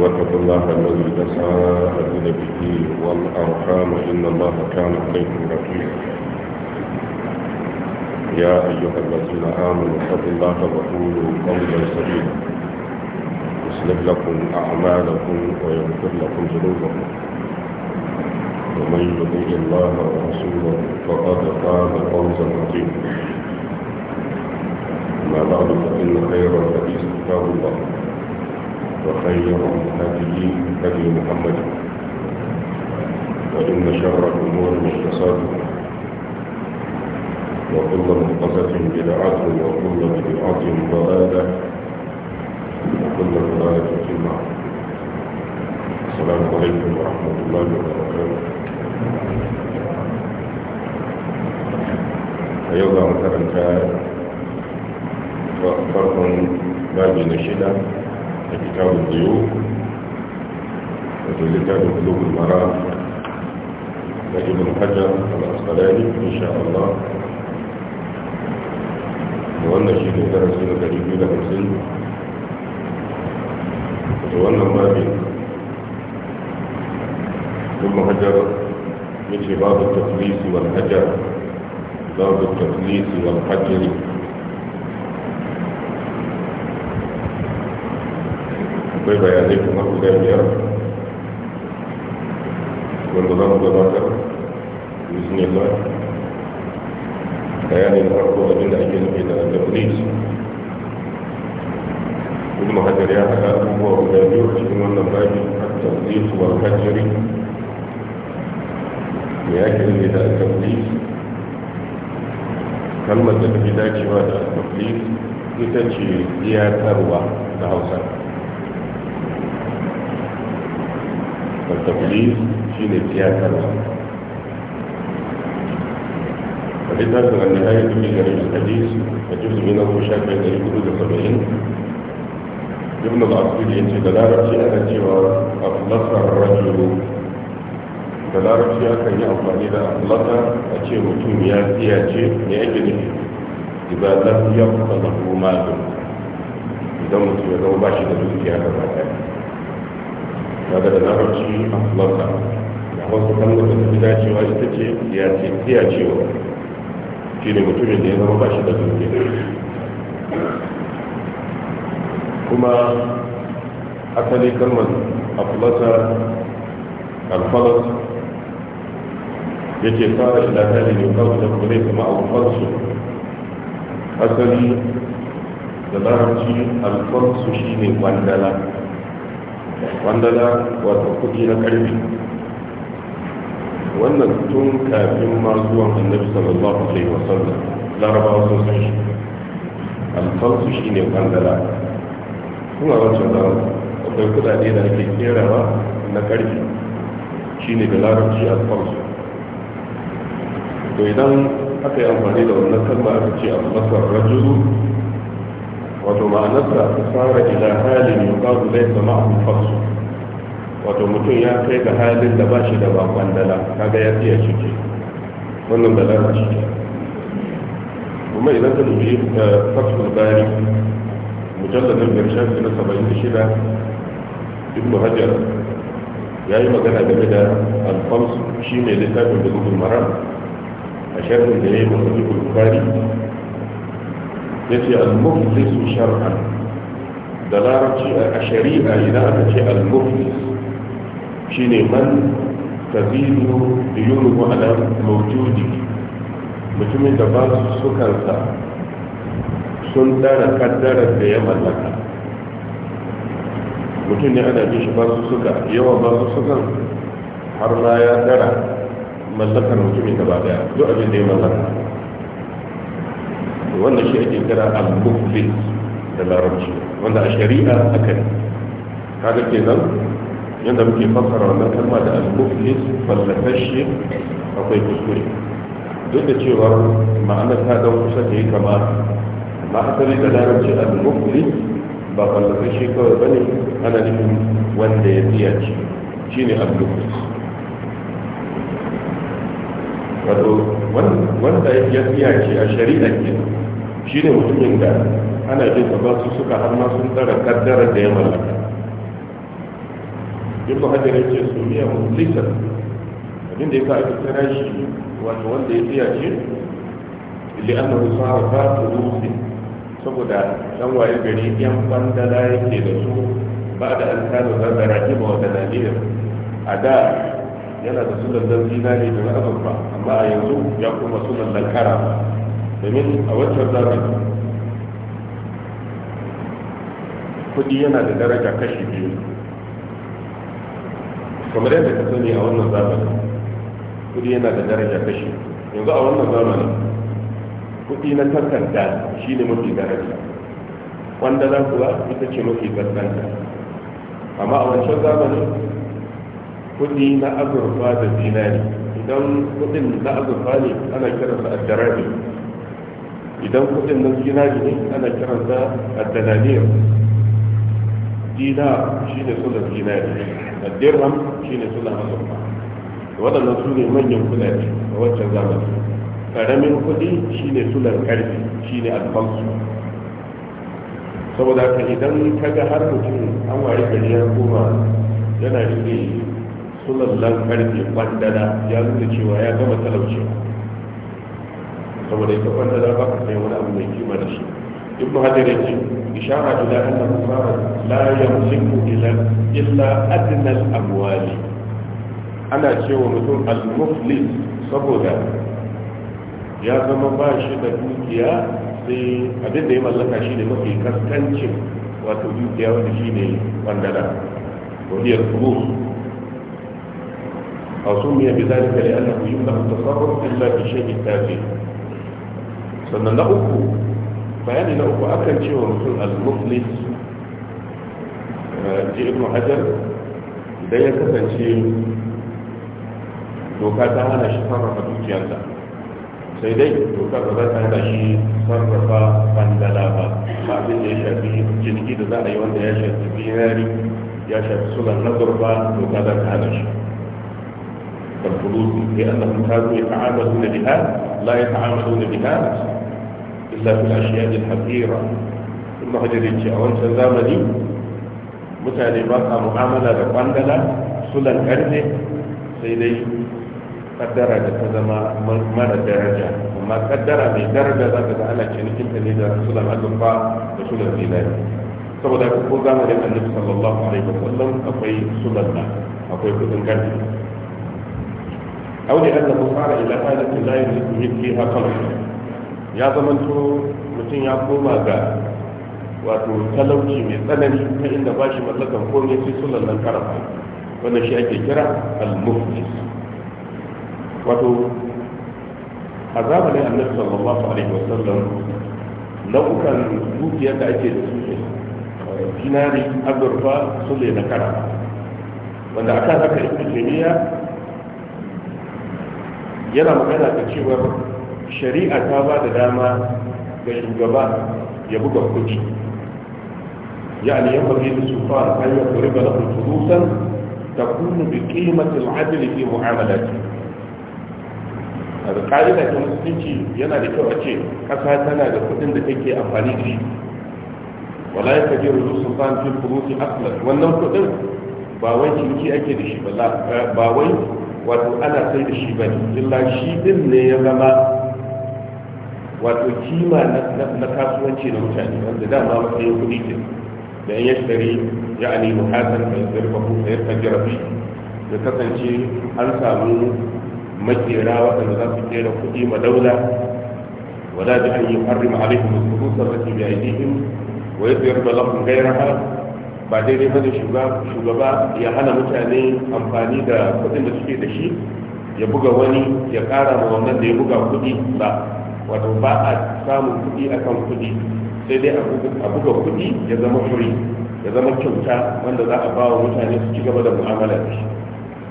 واتقوا الله الذي تساءلون به والأرحام إن الله كان عليكم رقيبا يا أيها الذين آمنوا اتقوا الله وقولوا قولا سديدا يصلح لكم أعمالكم ويغفر لكم ذنوبكم ومن يطيع الله ورسوله فقد قام فوزا عظيما ما بعد فإن خير الحديث كتاب الله وخير الهدي هدي محمد وإن شر الأمور محدثاتها وكل محدثة بدعة وكل بدعة ضلالة وكل ضلالة في النار السلام عليكم ورحمة الله وبركاته أيضا مثلا فرق بين الشدة كتاب الضيوف وكتاب قلوب المرام لابن حجر العسقلاني ان شاء الله وانا شيء درسنا تجيبين لخمسين وأن بابي ثم حجر مثل باب التفليس والحجر باب التفليس والحجر akwai bayanai kuma guda biyar wanda za mu gabatar bismillah na farko da ake nufi da al ibn hajar ya haɗa abubuwa guda biyu a cikin wannan babi at-tawdih wal hajr me yake nufi da al kalmar da fi dacewa da al ita ce iyakarwa da hausa في والتبليغ شيء سياسة فبالذات النهاية في جريم الحديث يجوز منه الخشاك بين حدود السبعين يبنى العصير يأتي دلالة أنا سوى أطلق الرجل دلالة في أكن يأفعل إذا أطلق أتي متوم ياتي أتي لأجله إذا لم يقصده مال إذا متوم يدعو باشي دوكي هذا ما daga da larabci a kulasa da wasu kalmar da tafi dacewa ita ce ya ce shi ne mutumin da ya zama ba shi da dukiya kuma asali kalmar a alfalas yake fara ila tare ne kawai da kuma zai zama asali da larabci alfalas shi ne wandala wanda na wato kuɗi na ƙarfi wannan tun kafin ma zuwan annabi sallallahu alaihi wasallam larabawa sun san shi alfansu shi ne kwandala kuma wancan da akwai kudade da ake kerawa na ƙarfi shi ne da larabci alfansu to idan aka yi amfani da wannan kalma aka ce a masar rajulu wato ma'anarsa tsara ila halin yuqadu laysa ma'ahu fasu wato mutum ya kai ga halin da ba shi da bakon dala kaga ya fiye ciki wannan da dala shi kuma idan ka dubi eh, fasul bari mujalladin birshen na saba'in da shida ibnu hajar ya yi magana game da alfams shi ne littafin da gudun maram a shafin da ya yi masu bukari yace al-muflis shar'an da larabci a shari'a idan aka ce al-muflis shine man tazidu diyunuhu ala mawjudi mutumin da ba su sukan sa sun dara kaddarar da ya mallaka mutum ne ana jin shi ba su suka yawa ba su sukan har ma ya dara mallakar mutumin da ba daya duk abin da ya mallaka wannan shi ake kira al-muflis da larabci wanda a shari'a aka ne kaga kenan yadda muke fassara wannan kalma da al-muflis fallafashi akwai kuskure duk da cewa ma'ana ta don kusa ta yi kama amma asali da larabci al-muflis ba fallafashi kawai bane ana nufin wanda ya tsiyaci shine al-muflis wato wanda ya tsiyace a shari'ar ke shi ne mutumin da ana jin da ba su suka har ma sun tsara kaddara da ya mallaka ibn hajar ya ce su miya mutlisa da ya sa aka tsara shi wato wanda ya tsiyace li'annahu ta rusi saboda dan waye gari yan bandala yake da su ba da alkalu zazzara rakiba wa dalilin a da yana da sunan dan ne da na ba amma a yanzu ya kuma sunan dan kara domin a wancan zamani kudi yana da daraja kashi biyu kamar yadda ka sani a wannan zamani kudi yana da daraja kashi yanzu a wannan zamani kudi na takarda shi ne mafi daraja wanda za kuwa ita ce mafi gaskanta amma a wancan zamani kudi na azurfa da zinari idan kudin na azurfa ne ana kiransa jarabi, idan kudin na zinari ne ana kiransa addananiyar dinar shi ne sunan zinari addirham shi ne sunan azurfa waɗannan su ne manyan kudade a wancan zamani karamin kudi shi ne sunan karfi shi ne alfansu saboda ka idan ka ga har mutum an ware gari ya koma yana rike sulallan karfe kwandana ya nuna cewa ya gama talauci saboda ita kwandana ba ka sai wani abu mai kima da shi in ba ya ce ishara ila anna musara layan zinku ila illa adna al amwali ana cewa mutum al muflis saboda ya zama ba shi da dukiya sai abin da ya mallaka shi ne mafi kaskancin wato dukiya wanda shi ne kwandana wani kuma أو سمي بذلك لأنه يمنع التصرف إلا بشيء تافه sannan na uku bayani na uku cewa mutum al-muflis ji ibn idan ya kasance doka ta hana shi sarrafa dukiyarsa sai dai doka ba za ta hana shi sarrafa bandala ba ba abin da ya shafi jirgi da za a yi wanda ya shafi binari ya shafi sulan na doka za ta hana shi كالفلوس لأنهم كانوا يتعاملون بها لا يتعاملون بها إلا في الأشياء الحقيرة ابن حجر يقول زمني mutane ba sa mu'amala da kwandala sulan karfe sai dai kaddara da ta zama mara daraja amma kaddara mai daraja za ka ga ana cinikin ta ne da sulan azurfa da sulan zinari saboda ko zamanin annabi sallallahu alaihi wasallam akwai sulan akwai kudin karfe aw da annahu fara ila halatin la yuridu fiha qalb ya zamanto mutum ya koma ga wato talauci mai tsanani ta inda ba shi mallakan komai sai sulallan karafa wanda shi ake kira al-muflis wato a zamanin annabi sallallahu alaihi wasallam nau'ukan dukiyar da ake da su dinari azurfa sule na kara wanda akan haka ibnu taymiya yana magana da cewar shari'a ta ba da dama ga shugaba ya buga kuci يعني ينبغي للسلطان أن يضرب له فلوسا تكون بقيمة العدل في A da قاعدة ta musulunci yana da kyau a ce ƙasa tana da kuɗin da take amfani da shi wala ya kaje rudu sultan fil furusi aslan wannan kuɗin ba wai ciniki ake da shi ba wai wato ana sai da shi bane illa shi din ne ya zama wato kima na kasuwanci na mutane wanda dama matsayin kuɗi ke da in yashtari ya ani muhasan fa yasrifa hu fa yastajira fi ya kasance an samu makera waɗanda za su kera kuɗi ma daula wala bi an yuharrima alaihim al-khubusa allati bi aydihim wa yadribu lahum ghayraha ba daidai ba ne shugaba ya hana mutane amfani da kudin da suke da shi ya buga wani ya kara ma wannan da ya buga kudi ba wato ba a samun kudi akan kudi sai dai a buga kudi ya zama kuri ya zama kyauta wanda za a ba wa mutane su ci gaba da mu'amala da shi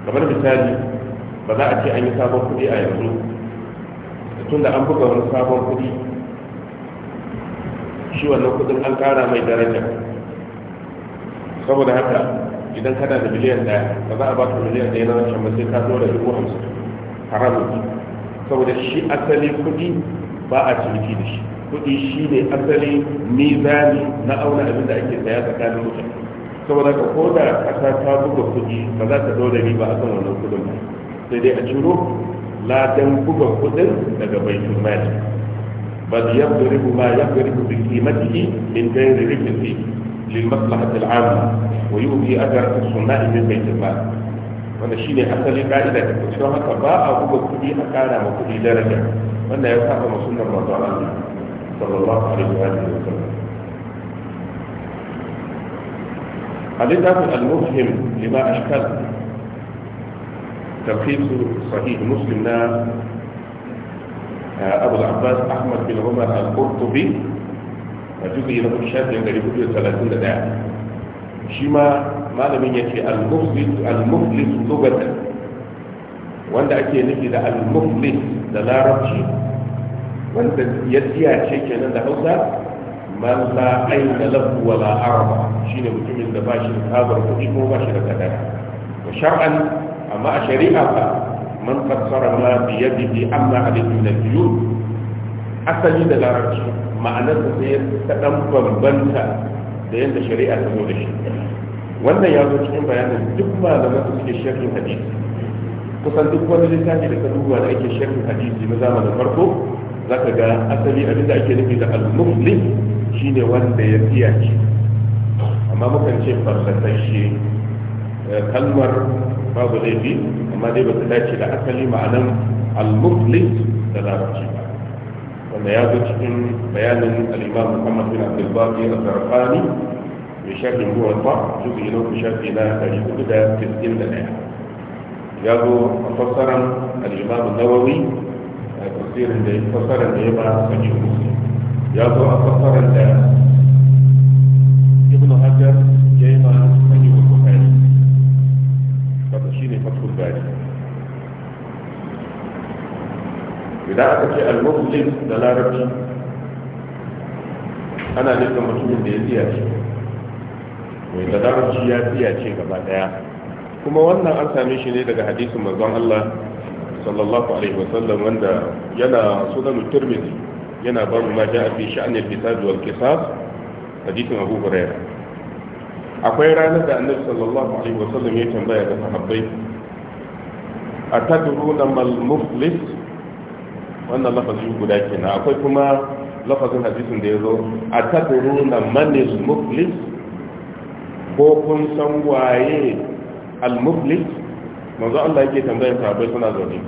kamar misali ba za a ce an yi sabon kudi a yanzu tun da an buga wani sabon kudi shi wannan kudin an kara mai daraja saboda haka idan kana da miliyan ɗaya ba za a ba ka miliyan ɗaya na wancan ba sai ka zo da dubu hamsin haramun saboda shi asali kuɗi ba a ciniki da shi kuɗi shi ne asali mizani na auna abin da ake saya tsakanin mutane saboda ka ko da ƙasa ta buga kuɗi ba za ta dole riba a kan wannan kuɗin ba sai dai a ciro ladan buga kuɗin daga baitul mali bal yadribu ma yadribu bi qimatihi min ghairi rifqi للمصلحة العامة ويؤدي أجر الصناع من بيت المال wanda shi ne asali ka'ida ta kusa haka ba a buga kuɗi a ƙara ma kuɗi daraja wanda ya saba ma sunan manzo Allah sallallahu alaihi wa sallam al-idafu al-mufhim lima ashkal تلخيص صحيح مسلم لا أبو العباس أحمد بن عمر القرطبي a juzuyi na shafin gari hudu da talatin da daya shi ma malamin ya ce al-muflis lugatan wanda ake nufi da al-muflis da larabci wanda ya ce kenan da hausa man la aina lahu wa la arba shine mutumin da bashi da tabar kuɗi ko bashi da kadara wa shar'an amma a shari'a fa man fassara ma bi yadihi amma alayhi min al-diyun asali da larabci ma'anarsa sai ta dan bambanta da yadda shari'a ta zo da shi wannan ya zo cikin bayanin duk malaman da suke sharhin hadisi kusan duk wani littafi da ka duba da ake sharhin hadisi na zamanin farko za ka ga asali abin da ake nufi da al muslim shine wanda ya tsiyace amma mukan ce shi eh, kalmar babu laifi amma dai ba ta dace da asali ma'anar al muslim da larabci ba البياض من بيان الإمام محمد بن عبد الباقي الزرقاني بشكل هو الطاء جزء له في شكل لا تجد في الجلد جابوا مفسرا الإمام النووي تفسير مفسرا الإمام سجل مسلم يابو مفسرا ابن حجر جايبا سجل مسلم فتشيني فتح الباقي idan aka ce al-muslim da larabci ana nufin mutumin da ya tsiya ce mai da larabci ya tsiya ce gaba daya kuma wannan an same shi ne daga hadisin manzon Allah sallallahu alaihi wasallam wanda yana sunan tirmidhi yana babu ma ja'a fi sha'anil kitab wal qisas hadisin Abu Hurairah akwai ranar da Annabi sallallahu alaihi wasallam ya tambaya ga sahabbai atadruna mal muflis wannan lafazi guda kenan akwai kuma lafazin hadisin da ya zo a na manis muflis ko kun san waye al muflis manzo Allah yake tambayar sahabbai suna zaune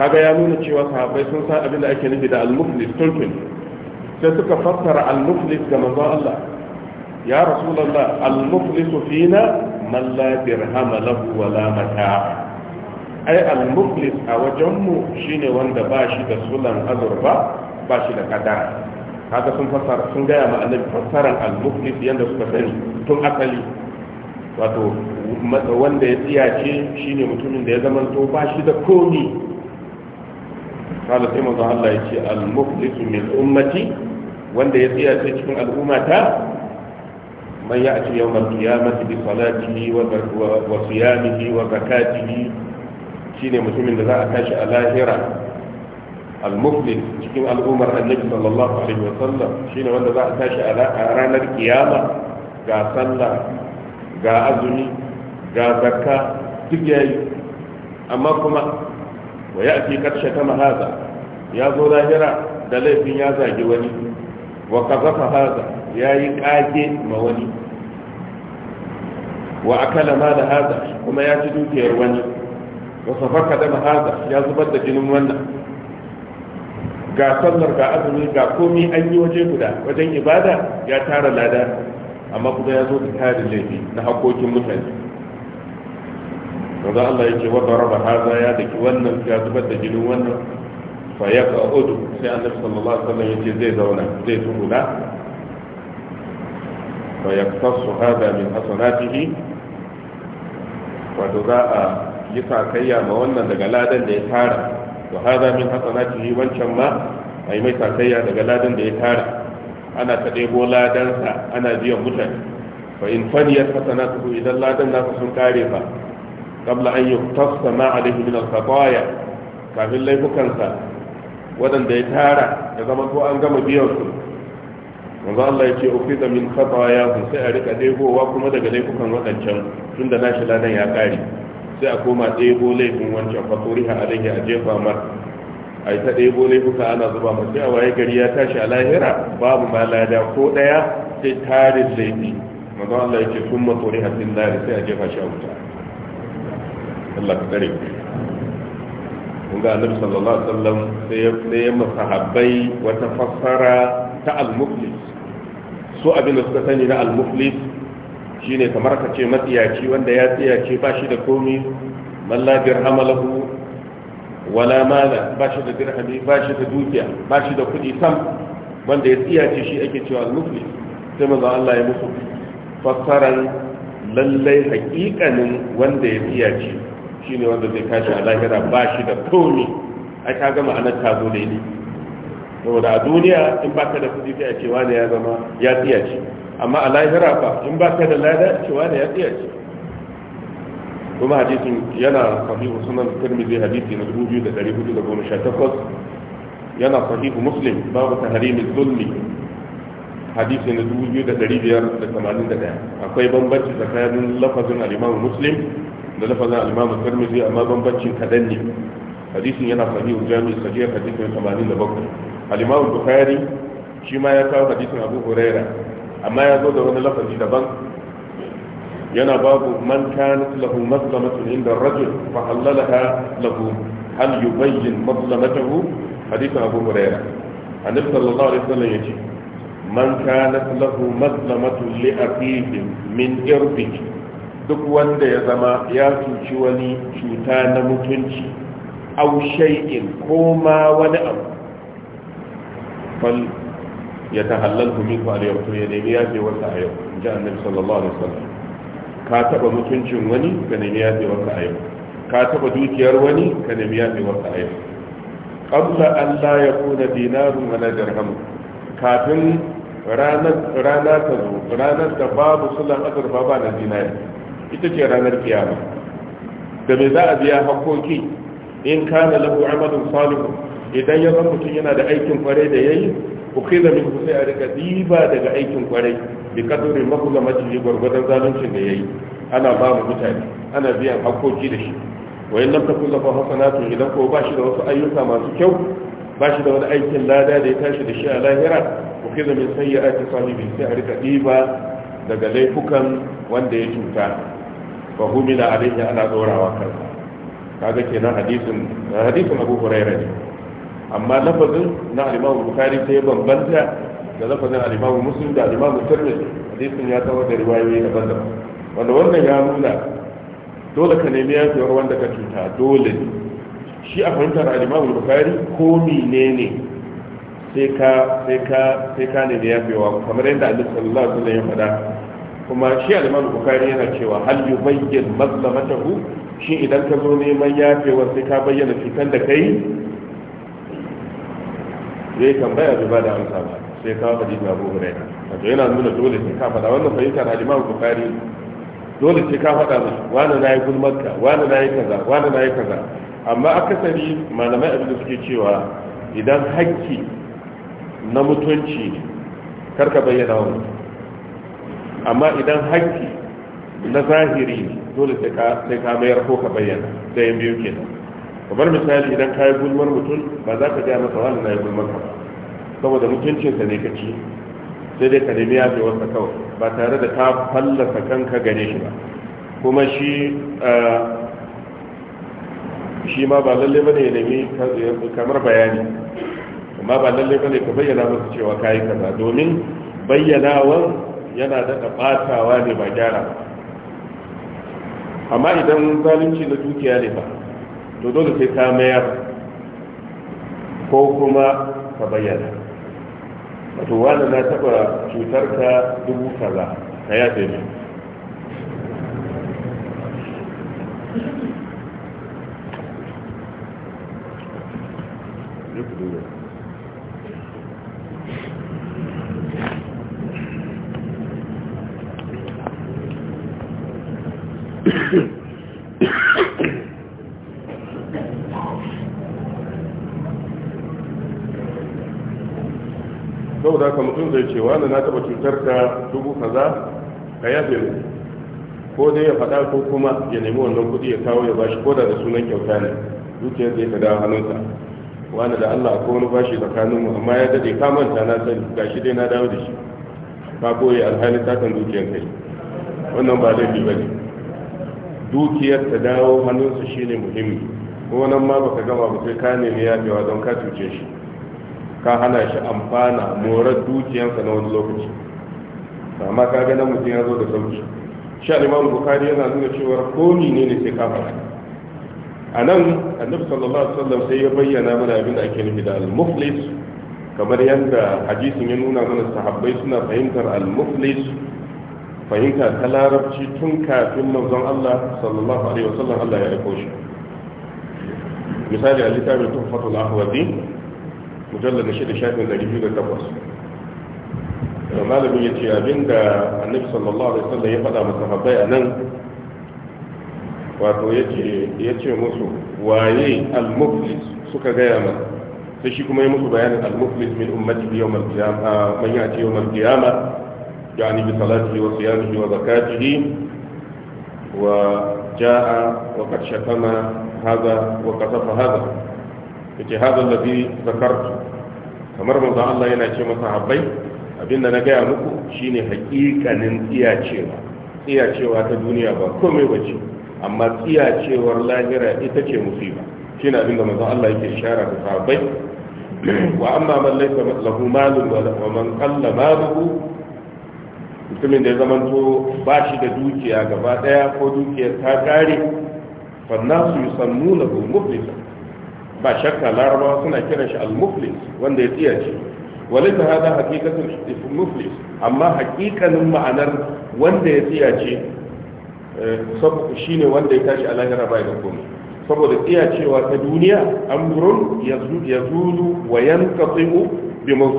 kaga ya nuna cewa sahabbai sun san abin da ake nufi da al muflis tuntun sai suka fassara al muflis ga manzo Allah ya rasulullah al muflis fina man la dirham lahu wala mata' ai al-muflis a wajenmu shine wanda ba shi da sulan azurfa ba shi da kadara Haka sun fasara sun gaya ma annabi fasaran al-muflis yanda suka sani tun asali wato wanda ya tsiyace shine mutumin da ya zama to ba shi da komi kala sai manzo Allah ya ce al-muflis min ummati wanda ya tsiyace cikin al'ummata man ya'ti yawm al-qiyamati bi salatihi wa siyamihi wa zakatihi shine mutumin da za a tashi a lahira al-muflis cikin al'ummar annabi sallallahu alaihi wa sallam shine wanda za a tashi a ranar kiyama ga sallah ga azumi ga zakka duk yayi amma kuma wa ya'ti karshe kama haza ya zo lahira da laifin ya zagi wani wa kazafa haza ya yi kage ma wani wa akala ma da haza kuma ya ci dukiyar wani wasa baka da hada ya zubar da jinin wannan ga sallar ga azumi ga komi an yi waje guda wajen ibada ya tara lada amma kuma ya zo da tarin laifi na hakokin mutane wanda Allah ya ce wata raba haza ya daki wannan ya zubar da jinin wannan fa ya ka odu sai an annabi sallallahu alaihi wasallam ce zai zauna zai tuhula fa ya yaktasu hada min hasanatihi wato za a yi sakayya ma wannan daga ladan da ya tara to haza min hasanatihi wancan ma yi mai sakayya daga ladan da ya tara ana ta ɗebo ladansa ana biyan mutane fa in faniyat hasanatuhu idan ladan nasa sun kare fa qabla an yuqtasa ma alayhi min al-khataya kafin laifukansa waɗanda ya tara ya zama ko an gama biyan su manzo Allah ya ce ufida min khataya sai a rika ɗebowa kuma daga laifukan waɗancan tunda nashi ladan ya kare sai a koma ɗebo laifin wancan fasoriha alaihi a jefa mar a ta ɗebo laifuka ana zuba mar sai a waye gari ya tashi a lahira babu ma lada ko ɗaya sai tarin laifi manzo Allah ya ce sun matori a sin nari sai a jefa shi a wuta Allah ka tsare kun ga annabi sallallahu alaihi wasallam sai ya sai ya masahabbai wata fassara ta al-muflis su abin da suka sani na al-muflis shine kamar ka ce matsiyaci wanda ya tsiyace ba shi da komi malla Hamalahu, wala mala ba shi da dirhami ba shi da dukiya ba shi da kudi sam wanda ya tsiyace shi ake cewa al-muflis sai manzo Allah ya musu fassaran lallai hakikanin wanda ya tsiyace shine wanda zai kashi a lahira ba shi da komi ai ka gama anan ta zo ne saboda a duniya in ba ka da kudi sai a cewa ne ya zama ya tsiyace amma a lahira fa in ba ka da lada cewa ne ya tsaya ce kuma hadisin yana sahihu sunan tirmidhi hadisi na 2418 yana sahihu muslim babu tahrimi zulmi hadisi na 2581 akwai bambanci tsakanin lafazin al-imam muslim da lafazin al-imam tirmidhi amma bambancin kadan ne hadisin yana sahihu jami'i sahih hadisin 87 al-imam bukhari shi ma ya kawo hadisin abu huraira amma ya zo da wani lafazi daban yana babu man kanat lahu mazlamatun inda rajul fa halalaha lahu hal yubayyin mazlamatahu hadithan abu hurairah annabi sallallahu alaihi wasallam yace man kanat lahu mazlamatun li aqihi min irbihi duk wanda ya zama ya cuci wani cuta na mutunci aw shay'in ko ma wani abu ya ta tahallalhu minhu al yawm to ya nemi yafewarsa a yau in ji annabi sallallahu alaihi wasallam ka taba mutuncin wani ka nemi yafewarsa a yau ka taba dukiyar wani ka nemi yafewarsa a yau qabla an la yakuna dinarun wala dirham kafin rana ta zo ranar da babu sulan azurfa ba na zinari ita ce ranar kiyama da me za a biya hakoki in kana lahu amalin salihu idan ya zama mutum yana da aikin kware da yayi ukhila min sai a rika diba daga aikin kwarai bi kadri makula majiji gurgurdan zaluncin da yayi ana ba mu mutane ana biyan hakoki da shi wa in lam takun lahu hasanatu idan ko ba shi da wasu ayyuka masu kyau ba shi da wani aikin lada da ya tashi da shi a lahira ukhila min sayyi'ati sahibi sai a rika diba daga laifukan wanda ya cuta fa humina alayhi ana dorawa kansa kaga kenan hadisin hadisin Abu Hurairah ne amma lafazin na alimamu bukari sai bambanta da lafazin alimamu muslim da alimamu turmi hadisin ya tawar da riwayoyi daban-daban wanda wannan ya nuna dole ka nemi yafiyar wanda ka cuta dole shi a fahimtar alimamu bukari ko mine ne sai ka sai ka sai ka nemi yafewa kamar yadda annabi sallallahu alaihi wasallam ya faɗa kuma shi alimamu bukari yana cewa hal yubayyin mazlamatahu shi idan ka zo neman yafewa sai ka bayyana cutar da kai zai tambaya bai ba da amsa ba sai kawo hadisin abu huraira wato yana nuna dole sai ka faɗa wannan fahimtar na imam bukari dole sai ka faɗa musu wani na yi gulmarka wani na yi kaza wani na yi kaza amma akasari malamai abin da suke cewa idan hakki na mutunci ne karka bayyana wa mutum amma idan hakki na zahiri ne dole sai ka mayar ko ka bayyana da yan biyu kenan kamar misali idan ka yi gulmar mutum ba za ka gaya masa wani na yi gulmar ka ba saboda mutuncinsa ne ka ci sai dai ka nemi yafe wasa kawai ba tare da ka fallasa kanka gare shi ba kuma shi shi ma ba lalle bane ya nemi kamar bayani amma ba lalle bane ka bayyana masa cewa ka yi kaza domin bayyanawan yana daɗa ɓatawa ne ba gyara amma idan zalunci na dukiya ne ba to dole sai ka mayar ko kuma ka bayyana wato wani na taɓa cutar ka dubu kaza ka yafe ne mutum zai ce wani na taba cutar ka dubu kaza ka yafe mu ko dai ya faɗa ko kuma ya nemi wannan kuɗi ya kawo ya bashi ko da da sunan kyauta ne dukiyar zai ka dawo hannunsa wani da Allah ko wani bashi tsakanin mu amma ya dade ka manta na sani gashi dai na dawo da shi ka koyi alhali ta kan dukiyar kai wannan ba laifi ba ne dukiyar ta dawo hannunsa shine muhimmi ko nan ma baka gama ba sai ka nemi yafewa don ka cuce shi ka hana shi amfana morar dukiyarsa na wani lokaci amma ka ga ya zo da sauki shi al-imam bukhari yana nuna cewa ko ni ne ne sai ka a nan annabi sallallahu alaihi wasallam sai ya bayyana mana abin da ake nufi da al-muflis kamar yadda hadisin ya nuna mana sahabbai suna fahimtar al-muflis fahimta ta larabci tun kafin manzon Allah sallallahu alaihi wasallam Allah ya aiko shi misali a littafin tuhfatul ahwazi mujallar da shida shafin ɗari biyu da takwas da malamin ya ce abinda annabi sallallahu alaihi wasallam ya faɗa masa habbai a nan wato ya ce musu waye al-muflis suka gaya masa sai shi kuma ya musu bayanin al-muflis min ummati yawm al-qiyamah man ya'ti yawm al-qiyamah yani bi salati wa siyami wa zakati wa jaa wa qad shatama hadha wa qatafa hadha yace hadha allazi zakartu kamar manzo Allah yana ce masa habbai abinda na gaya muku shine hakikanin tsiya cewa ta duniya ba komai bace amma cewar lahira ita ce musiba shine abinda manzo Allah yake shara da sahabbai wa amma man laysa lahu malun wa man qalla maluhu mutumin da ya zamanto ba shi da dukiya gaba daya ko dukiyar ta kare fa nasu yusannu lahu muflisan ba shakka larabawa suna kiran shi al-muflis wanda ya tsiyace ta hada hakikatul muflis amma hakikanin ma'anar wanda ya tsiyace eh, ne wanda ya tashi a lahira bai da komai saboda tsiyacewa ta duniya amrun yazulu wa yanqatu bi mawt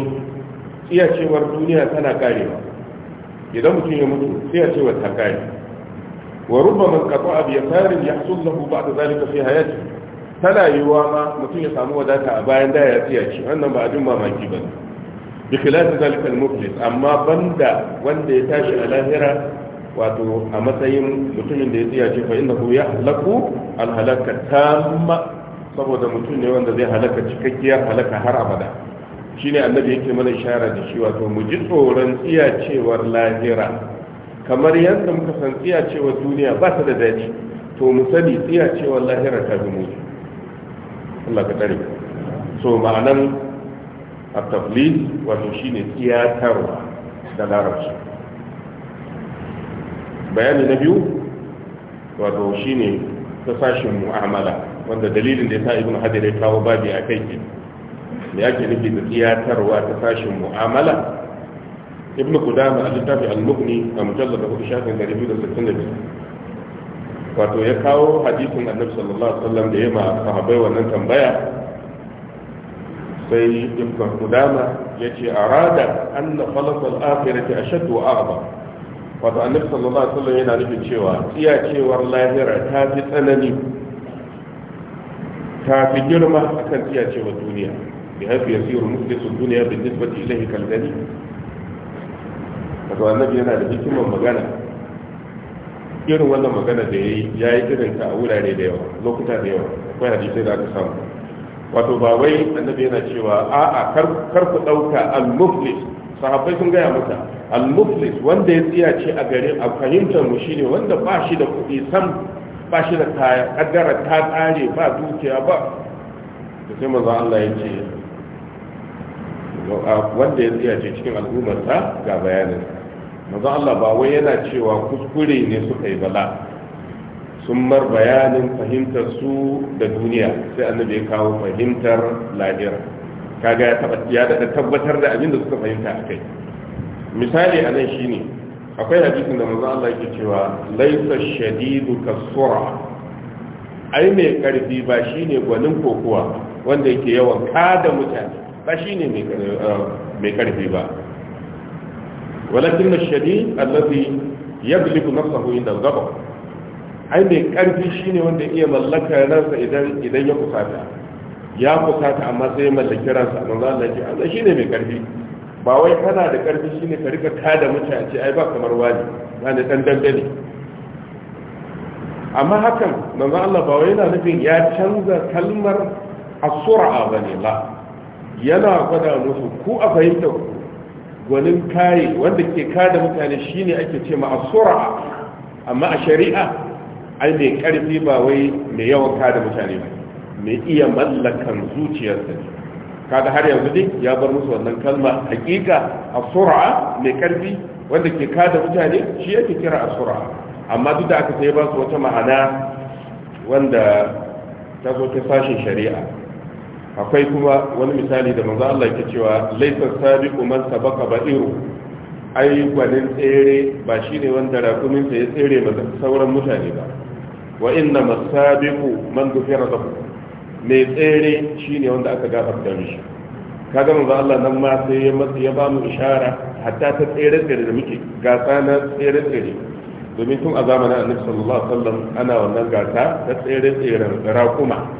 tsiyacewar duniya tana karewa idan mutum ya mutu tsiyacewar ta kare wa rubba man qata'a bi yasarin yahsul lahu ba'da zalika fi hayatihi tana yiwuwa ma mutum ya samu wadata a bayan da ya tsiya shi wannan ba abin mamaki ba ne bi khilafi zalikal muflis amma banda wanda ya tashi a lahira wato a matsayin mutumin da ya tsiya shi fa innahu yahlaku al halaka tamma saboda mutum ne wanda zai halaka cikakkiyar halaka har abada shine annabi yake mana ishara da shi wato mu ji tsoron cewar lahira kamar yadda muka san cewar duniya ba ta da daji to mu sani tsiyacewar lahira ta bi mutu Allah ka tsare so ma'anan a taflid wato shine tiyatarwa da larabci bayani na biyu wato shine ta sashin mu'amala wanda dalilin da ya sa ibn hajar ya kawo babi a kai ke da yake nufi da tiyatarwa ta sashin mu'amala ibn kudama a littafi al-mughni a mujallar da hudu shafin 262 wato ya kawo hadisin annabi sallallahu alaihi wasallam da ya ma sahabbai wannan tambaya sai ibn qudama yace arada anna khalaq al-akhirati ashaddu wa a'ba wato annabi sallallahu alaihi wasallam yana nufin cewa tsiyacewar lahira ta fi tsanani ta fi girma akan tsiyacewar duniya bi haifu yasiru muflisu duniya bi nisbati ilayhi kal wato annabi yana da hikimar magana irin wannan magana da yayi yayi irin ta a wurare da yawa lokuta da yawa akwai hadisi da aka samu wato ba wai annabi yana cewa a'a kar ku dauka al-muflis sahabbai sun gaya muta al-muflis wanda ya tsiyace a gari a fahimtar mu shine wanda ba shi da kuɗi sam ba shi da kaya kaddara ta tsare ba dukiya ba da sai manzo Allah ya ce wanda ya tsiya ce cikin al'ummar ga bayanin manzon Allah ba wai yana cewa kuskure ne suka yi bala sun mar bayanin fahimtar su da duniya sai annabi ya kawo fahimtar lahira kaga ya taba ya da tabbatar da abin da suka fahimta akai misali anan shine akwai hadisin da manzon Allah yake cewa laysa shadidu kasura ai mai karfi ba shine gwanin kokowa wanda yake yawan kada mutane ba shine mai karfi eh, ba walakin shadid allazi yaglibu nafsahu inda al-ghadab ai mai ƙarfi shi ne wanda iya mallaka ransa idan idan ya kusata ya kusata amma sai ya mallaki ransa manzo Allah ya ce Allah shine mai karfi ba wai kana da karfi shine ka rika tada mutane ai ba kamar wani wani dan dangane amma hakan manzo Allah ba wai yana nufin ya canza kalmar asura sura bane la yana gwada musu ku a fahimta gwanin kare wanda ke kada mutane shine ake ce ma asura amma a shari'a ai mai karfi ba wai mai yawan kada mutane ba mai iya mallakan zuciyarsa ne. kada har yanzu dai ya bar musu wannan kalma hakika asura mai karfi wanda ke kada mutane shi yake kira asura amma duk da aka sai ba su wata ma'ana wanda ta zo ta fashin shari'a akwai kuma wani misali da manzo Allah yake cewa laisa sabiqu man sabaqa ba'iru ai gwanin tsere ba shine wanda rakumin sa ya tsere ba sauran mutane ba wa inna masabiqu man ghufira lahu me tsere shine wanda aka gafarta mishi kaga manzo Allah nan ma sai ya matsi ya bamu ishara hatta ta tsere tsere da muke gasa na tsere tsere domin tun a zamanin annabi sallallahu alaihi wasallam ana wannan gasa ta tsere tsere rakuma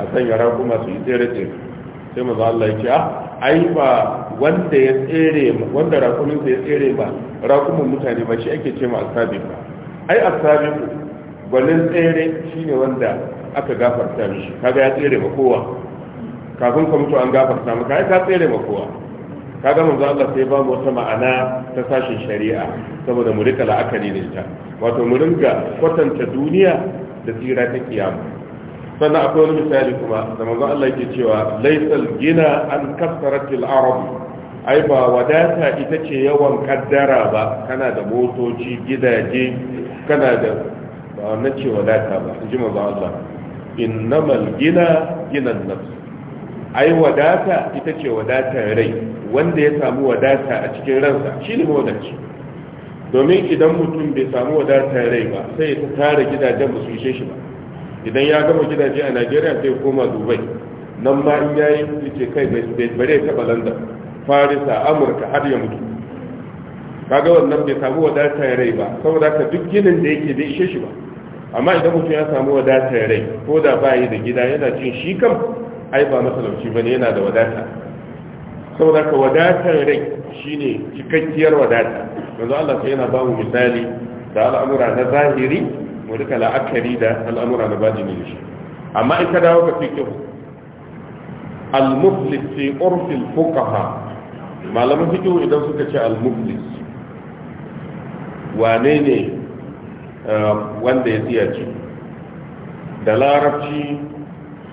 a sanya rakuma su yi tsere tsere sai maza Allah ya ce a ah, ai ba wanda ya tsere ma wanda rakumin ya tsere ba rakumin mutane ba shi ake ce ma asabi ba ai asabi gwanin tsere shine wanda aka gafarta mishi kaga ya tsere ba kowa kafin ka mutu an gafarta maka ai ka tsere ba kowa kaga manzo Allah sai ba mu wata ma'ana ta sashin shari'a saboda mu rika la'akari da ita wato mu ringa kwatanta duniya da tsira ta kiyama sannan akwai wani misali kuma da manzo Allah yake cewa laysal gina an kasaratil arab ai ba wadata ita ce yawan kaddara ba kana da motoci gidaje kana da ba wannan ce wadata ba in ji manzo Allah innamal gina ginan nafs ai wadata ita ce wadata rai wanda ya samu wadata a cikin ransa shi ne mawadaci domin idan mutum bai samu wadata rai ba sai ya tara gidajen ba su shi ba idan ya gama gidaje a najeriya sai koma dubai nan ma in yi ce kai bare taɓa london farisa amurka har ya mutu kaga wannan bai samu ya rai ba saboda ka duk ginin da yake bai ishe shi ba amma idan mutum ya samu wadata ya rai ko da ba yi da gida yana cin shi kam ai ba masalauci ba ne yana da wadata saboda ka wadatar rai shine cikakkiyar wadata yanzu Allah sai yana bamu mu misali da al'amura na zahiri mu rika la'akari da al'amura na baji ne shi amma in ka dawo ka fiƙi al-muflis fi urfil fuqaha malaman fiƙi idan suka ce al-muflis wane ne eh, wanda ya tsiyaci da larabci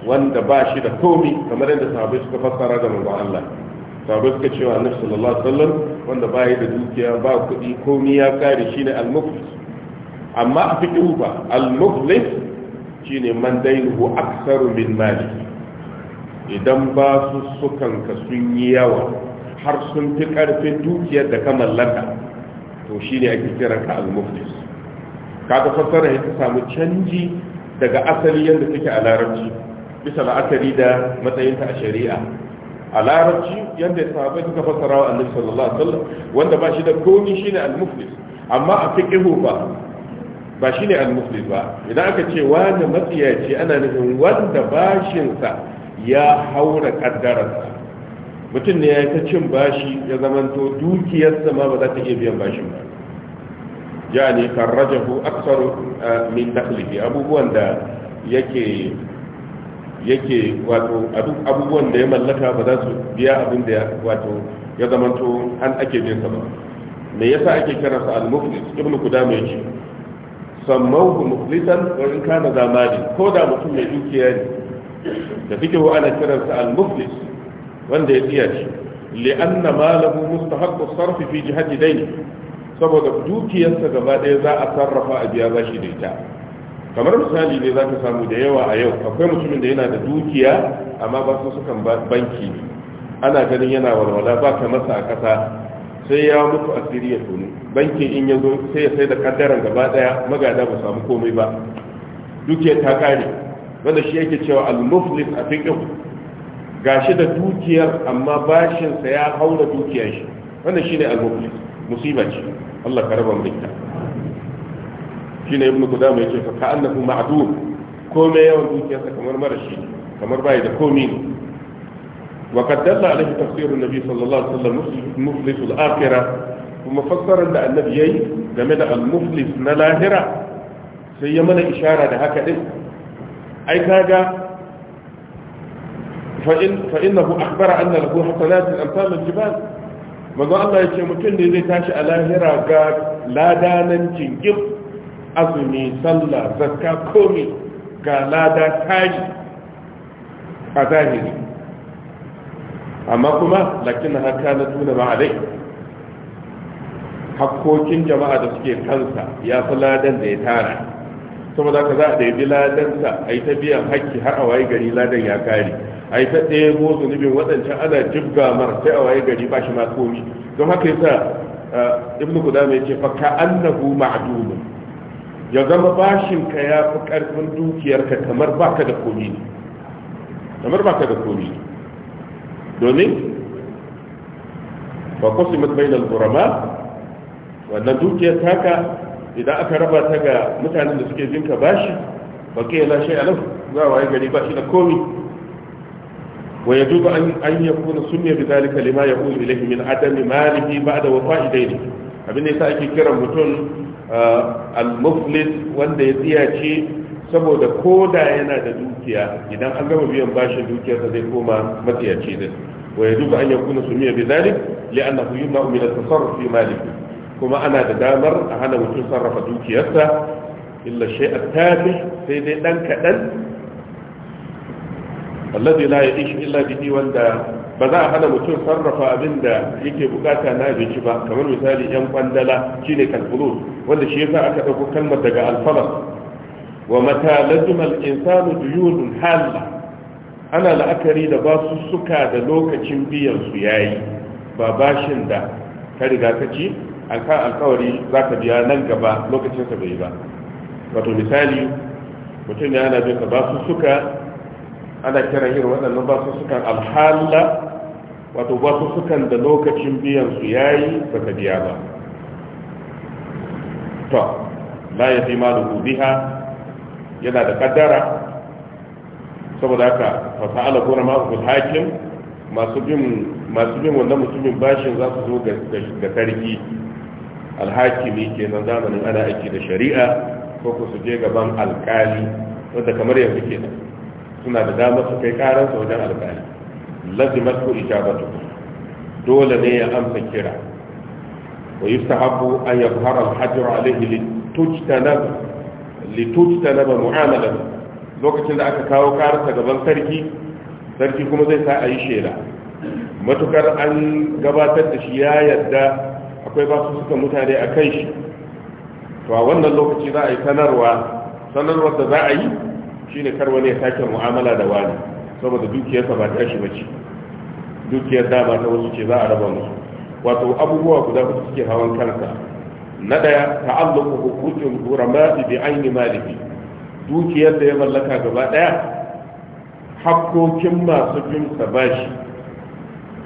wanda ba shi da komi kamar yadda sahabai suka fassara da manzo Allah sahabai suka cewa annabi sallallahu alaihi wasallam wanda ba yi da dukiya ba kuɗi komi ya kare shi ne al-muflis amma a fiƙihu ba al-muflis shine man dainuhu aksaru min mali idan ba su sukan ka sun yi yawa har sun fi karfin dukiyar da ka mallaka to shine ake kiran ka al-muflis kaga fassara ya samu canji daga asali yadda take a larabci bisa la'akari da matsayinta a shari'a a larabci yadda ya sahabai suka fassara wa annabi sallallahu alaihi wasallam wanda ba shi da komi shine al-muflis amma a fiqhu ba ba ne al-muflis ba idan aka ce wani matsiyaci ana nufin wanda bashinsa ya haura kaddararsa mutum ne ya ta cin bashi ya zamanto dukiyarsa ma ba za ta iya biyan bashin ba ne farrajahu aksaru eh, min dakhlihi abubuwan da yake yake wato abubuwan da ya mallaka ba za su biya abin da wato ya to an ake biyan sa ba me yasa ake kiransa al-muflis ibnu qudamah yake sammahu muflisan wa kana zamani ko da mutum mai dukiya ne da fike wa ana kiransa al-muflis wanda ya tsiya shi li'anna malahu mustahaqqu sarfi fi jihati dayni saboda dukiyarsa gaba ɗaya za a sarrafa a biya shi da ita kamar misali ne za ka samu da yawa a yau akwai mutumin da yana da dukiya amma ba su sukan banki ana ganin yana walwala ba ka masa a ƙasa sai ya mutu asiri ya ne bankin in ya zo sai ya sai da kaddaran gaba daya magada ba samu komai ba dukiyar ta kare wanda shi yake cewa al-muflis a fiqh gashi da dukiyar amma bashin sa ya haura dukiyar shi wannan shine al-muflis musiba ce Allah ka raba mu da shine ibnu qudama yake fa ka'annahu ma'dud komai yawan dukiyar sa kamar marashi kamar bai da komai وقد دل عليه تفسير النبي صلى الله عليه وسلم مفلس الآخرة ثم فسر لأن النبي لم المفلس نلاهرة سيمن إشارة هكذا أي كاجا فإن فإنه أخبر أن له حسنات أمثال الجبال وقال الله يشي مكين لذي تاشي ألاهرة قال لا دانا جنجب أظني صلى زكاة كومي قال لا دا تاجي أظاهري amma kuma lakin na haka na tuna alai hakkokin jama'a da suke kansa ya fi ladan da ya tara saboda ka za a ɗaiɗi ladansa a yi ta biyan hakki har a waye gari ladan ya kare a yi ta ɗebo zunubin waɗancan ana jibga mara sai a waye gari ba shi ma komi don haka yasa ibnu guda mai ce fa ka annahu ma'dumun ya zama bashin ka ya fi ƙarfin dukiyarka kamar baka da komi ne kamar baka da komi ne domin ba kwasu matsayin al-burama wannan dukiyar taka idan aka raba ta ga mutanen da suke jinka bashi ba ke yana shi alam za a waye gari bashi da komi wa ya duba an yi kuna sunne bi zalika lima ya kuma ilahi min adami maliki ba da wafa idai abin da sa ake kiran mutum uh, al-muflis wanda ya tsiyace saboda ko da yana da dukiya idan an gama biyan bashin dukiyarsa zai koma matsiyaci din wa duba an yankuna sumiya bi zalik li annahu yumna'u min at-tasarruf fi kuma ana da damar a hana mutum sarrafa dukiyarsa illa shay at-tabi sai dai dan kadan alladhi la ya'ishu illa bihi wanda ba za a hana mutum sarrafa abin da yake bukata na abinci ba kamar misali yan kwandala shine kalbulus wanda shi yasa aka dauko kalmar daga alfalas wa mata lazima al-insanu duyunun halla ana la'akari da ba su suka da lokacin biyan su yayi ba bashin da ka riga ka ci akan alkawari zaka biya nan gaba lokacin bai ba wato misali mutum ne ana bin ba su suka ana kiran irin waɗannan ba su sukan alhalla wato ba su sukan da lokacin biyan su yayi baka biya ba to la yafi maluhu biha yana da kaddara saboda haka fasaha ko ma ukul hakim masu bin masu bin wannan mutumin bashin za su zo ga sarki alhakimi kenan zamanin ana aiki da shari'a ko ku su je gaban alkali wanda kamar yanzu kenan suna da damar su kai karansa wajen alkali lazimat ku ijabatu dole ne ya amsa kira ويستحب أن har alhajjar عليه لتجتنب da na mu'amalan lokacin da aka kawo karasa gaban sarki sarki kuma zai sa a yi shela matukar an gabatar da shi ya yadda akwai basu suka mutane a kai shi to a wannan lokaci za a yi sanarwa sanarwar da za a yi shi ne karwa ne sake mu'amala da wani saboda dukiyarsa ba ta shi ce. dukiyar dama ta wasu ce za a raba musu wato abubuwa guda suke hawan kanka na daya ta'alluqu huququl ulama bi aini maliki dukiyar da ya mallaka gaba daya hakkokin masu bin bashi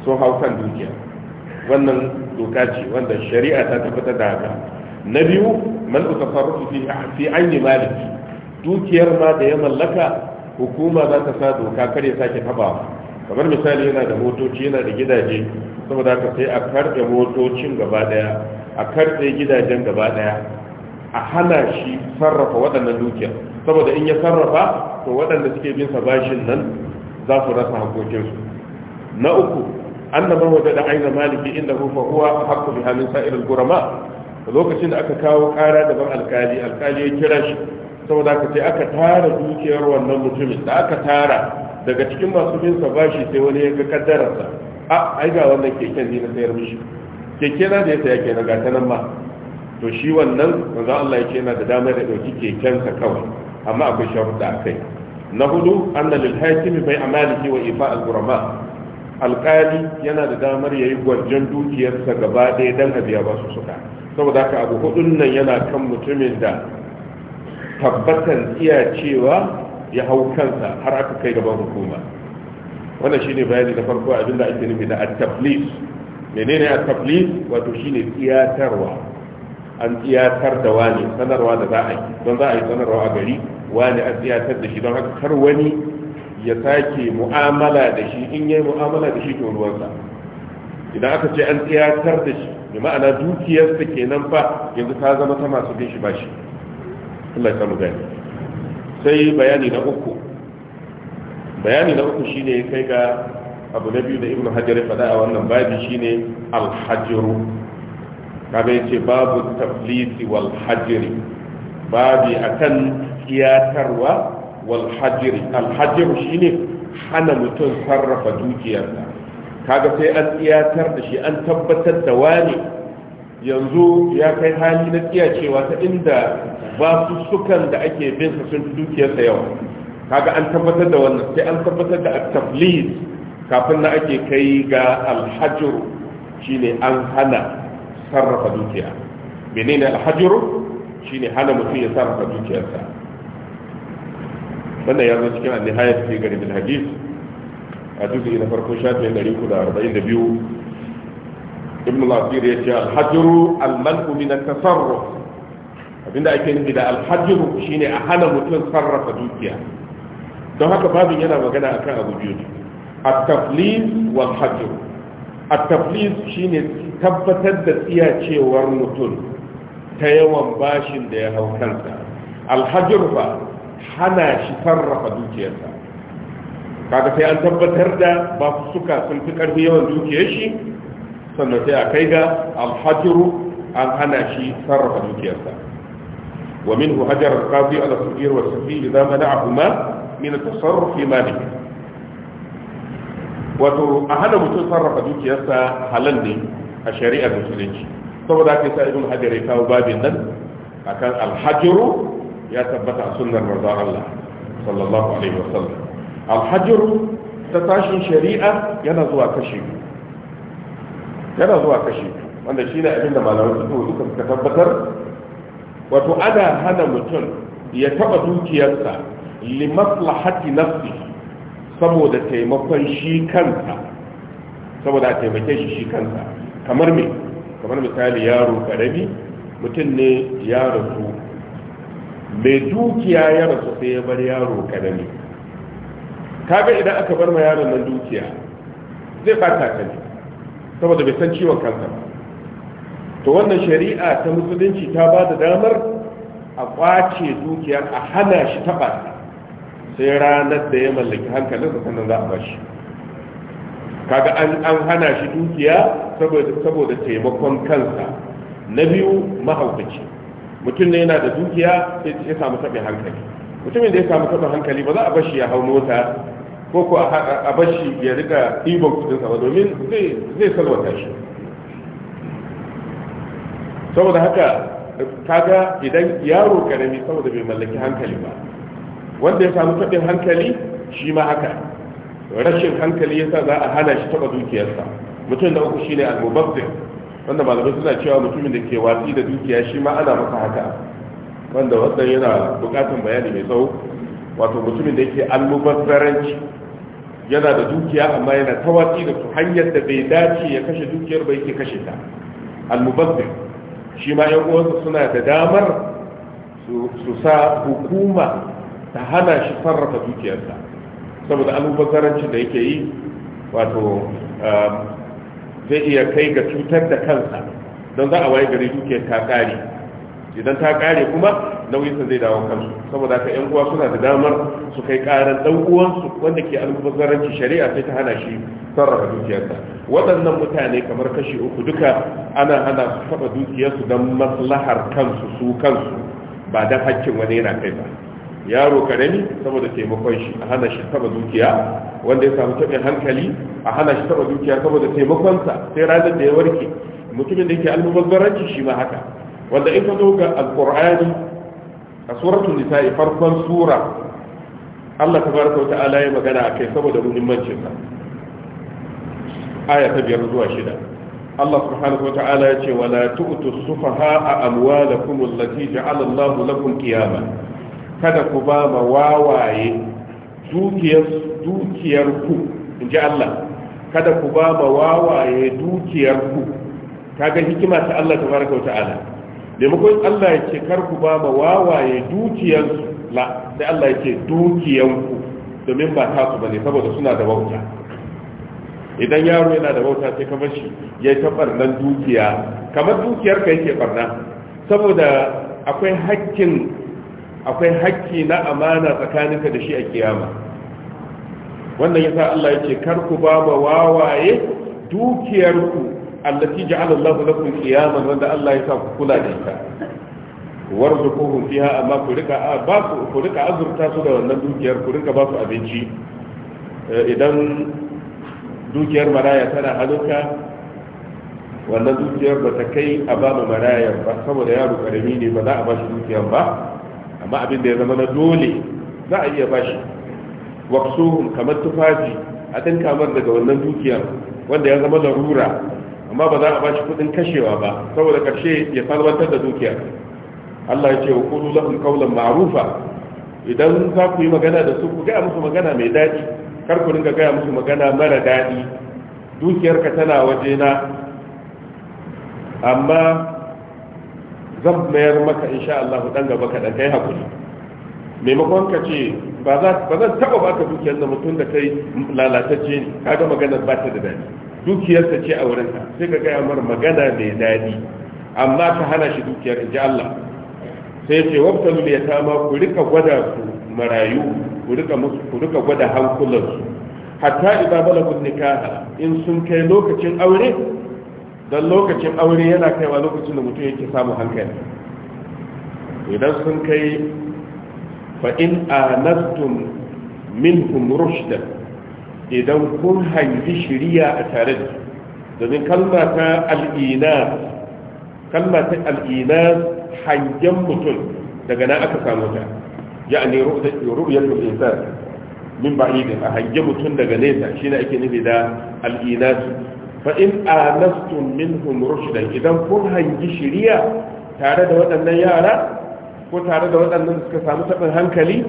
sun hau kan dukiya wannan doka ce wanda shari'a ta tabbatar da haka na biyu man tasarrufu fi fi aini maliki dukiyar ma da ya mallaka hukuma za ta sa doka kar ya sake tabawa kamar misali yana da motoci yana da gidaje saboda haka sai a karɓe motocin gaba daya a karɓe gidajen gaba daya a hana shi sarrafa waɗannan dukiyar saboda in ya sarrafa to waɗanda suke bin sa bashin nan za su rasa hakokinsu na uku an da wajen da aina maliki inda fa huwa haqqu bi halin sa'ir al-gurama lokacin da aka kawo ƙara daban alkali alkali ya kira shi saboda haka sai aka tara dukiyar wannan mutumin da aka tara daga cikin masu bin sa bashi sai wani ya ga kaddararsa a ai ga wannan keken ne na sayar mishi keke na da ya saya kenan ga ma to shi wannan manzo Allah ya ce yana da damar da dauki keken sa kawai amma akwai sharuɗa akai na hudu anna lil hakimi bai amalihi wa ifa al ghurama alkali yana da damar yayi gwarjan dukiyarsa gaba ɗaya dan abiya ba su suka saboda haka abu hudun nan yana kan mutumin da tabbatan iya cewa ya hau kansa har aka kai gaban hukuma wannan shine bayani na farko abin da ake nufi da at-tablis menene at-tablis wato shine tiyatarwa an tiyatar da wani sanarwa da za a yi don za a yi sanarwa a gari wani an tiyatar da shi don haka kar wani ya sake mu'amala da shi in yayi mu'amala da shi to ruwansa idan aka ce an tiyatar da shi da ma'ana dukiyarsa kenan fa yanzu ta zama ta masu bin shi ba shi Allah ya samu gani sai bayani na uku bayani na uku shine ya kai ga abu na biyu da ibn hajar ya faɗa a wannan babi shine alhajiru kaga yace babu taflisi wal hajri babi akan kiyatarwa wal hajri shine hana mutum sarrafa dukiyarsa kaga sai an iyatar da shi an tabbatar da wani yanzu ya kai hali na cewa ta inda ba su sukan da ake bin su sun dukiyarsa yau kaga an tabbatar da wannan sai an tabbatar da at-taflis kafin na ake kai ga al-hajr shine an hana sarrafa dukiya menene al-hajr shine hana mutum ya sarrafa dukiyarsa wannan ya zo cikin an-nihayat fi gari al-hadith a duk na farko shafin 142 ibn lafiyar ya ce alhajiru almanu min tasarruf abinda ake nufi da alhajiru shine a hana mutum sarrafa dukiya don haka babin yana magana akan abu biyu at-taflis wal hajru at-taflis shine tabbatar da tsiyacewar mutum ta yawan bashin da ya hau kansa alhajru fa hana shi sarrafa dukiyarsa kaga sai an tabbatar da ba su suka sun fi karfi yawan dukiyar shi sannan sai a kai ga alhajiru an hana shi sarrafa dukiyarsa wa min hu hajar alqadi ala sufir wa sufi idan kuma min tasarruf malik wato a hana mutum sarrafa dukiyarsa halal ne a shari'ar musulunci saboda haka sa ibn hajar ya kawo babin nan akan alhajiru ya tabbata a sunnar manzon Allah sallallahu alaihi wasallam alhajiru ta tashin shari'a yana zuwa kashi biyu yana zuwa kashe wanda shine abin da malamai su duka suka tabbatar wato ana hana mutum ya taba dukiyarsa li maslahati nafsi saboda taimakon shi kansa saboda a taimake shi shi kansa kamar me kamar misali yaro karami mutum ne ya rasu mai dukiya ya rasu sai ya bar yaro karami kaga idan aka bar ma yaron nan dukiya zai bata ta ne saboda bai san ciwon kansa to wannan shari'a ta musulunci ta ba da damar a kwace dukiyar a hana shi taɓa sai ranar da ya mallaki hankalin sannan za a ba shi kaga an hana shi dukiya saboda taimakon kansa na biyu mahaukaci mutum ne yana da dukiya sai ya samu taɓe hankali mutumin da ya samu taɓe hankali ba za a bashi ya hau mota ko ko a bashi ya rika ibon kudin ba domin zai salwata shi saboda haka kaga idan yaro karami saboda bai mallaki hankali ba wanda ya samu taɓin hankali shi ma haka rashin hankali yasa za a hana shi taɓa dukiyarsa mutum da uku shine al-mubazzir wanda malamai suna cewa mutumin da ke watsi da dukiya shi ma ana masa haka wanda wannan yana bukatan bayani mai tsawo wato mutumin da yake almubazzaranci yana da dukiya amma yana tawaki da su hanyar da bai dace ya kashe dukiyar ba yake kashe ta almubazzir shi ma yan uwansa suna da damar su sa hukuma ta hana shi sarrafa dukiyarsa saboda almubazzarancin da yake yi wato um, zai iya kai ga cutar da kansa don za a waye gari dukiyar ta kare idan ta kare kuma nauyinsa zai dawo kansu saboda haka yan uwa suna da damar su kai karan dan uwansu wanda ke almubazzaranci shari'a sai ta hana shi sarrafa dukiyarsa waɗannan mutane kamar kashi uku duka ana hana su taɓa dukiyarsu don maslahar kansu su kansu ba don hakkin wani yana kai ba yaro karami saboda taimakon shi a hana shi taɓa dukiya wanda ya samu taɓin hankali a hana shi taɓa dukiya saboda taimakonsa sai ranar da ya warke mutumin da ke almubazzaranci shi ma haka wanda in ka zo ga alqur'ani a suratul nisa'i farkon sura Allah tabaraka wa ta'ala ya magana a kai saboda muhimmancin sa aya ta biyar zuwa shida Allah subhanahu wa ta'ala ya ce wala tu'tu sufaha'a amwalakum allati ja'ala Allah lakum qiyama kada ku ba ma wawaye dukiyar dukiyar ku inji Allah kada ku ba ma wawaye dukiyar ku kaga hikima ta Allah tabaraka wa ta'ala maimakon Allah ya ce kar ba ma wawaye dukiyansu la sai Allah ya ce dukiyanku domin ba ta tasu bane saboda suna da bauta. idan yaro yana da bauta, sai ka shi ya ta barnan dukiya kamar dukiyar ka yake barna saboda akwai hakkin akwai hakki na amana tsakaninka da shi a kiyama wannan yasa Allah ya ce kar ku ba ma wawaye dukiyarku allati ja'ala Allah lakum qiyaman wanda Allah ya sa ku kula da ita Ku fiha amma ku rika ba ku ku rika azurta su da wannan dukiyar ku rika ba su abinci eh, idan dukiyar maraya tana hannunka wannan dukiyar ba ta kai a ba mu maraya ba saboda yaro karami ne ba za a ba shi dukiyar ba amma abin da ya zama na dole za a iya ba shi waksuhum kamar tufafi a dinka mar daga wannan dukiyar wanda ya zama larura amma ba za a bashi kudin kashewa ba saboda karshe ya salwantar da dukiya Allah ya ce wa qulu lahum qawlan ma'rufa idan za ku yi magana da su ku gaya musu magana mai daɗi kar ku dinga gaya musu magana mara daɗi dukiyarka tana waje na amma zan mayar maka insha Allah dan gaba ka dan kai hakuri maimakon ka ce ba zan taɓa baka dukiyar da mutum da kai lalatacce ne kaga maganar ba ta da daɗi dukiyarsa ce a wurinka sai ka gaya mar magana mai daɗi amma ka hana shi dukiyar in ji Allah sai ce wabtan mai ma ku rika gwada su marayu ku rika gwada hankulansu hatta idza kun nikaha in sun kai lokacin aure dan lokacin aure yana kaiwa lokacin da mutum yake samu hankali idan sun kai fa in anastum minhum rushdan idan kun hangi shiriya a tare da domin kalma ta al'ina hangen mutum daga na aka samu ta ya ne ru'yar insan min ba'idin a hangen mutum daga nesa shi ne ake nufi da al'ina su. fa in anastum minhum rushdan idan kun hangi shiriya tare da waɗannan yara ko tare da waɗannan da suka samu taɓin hankali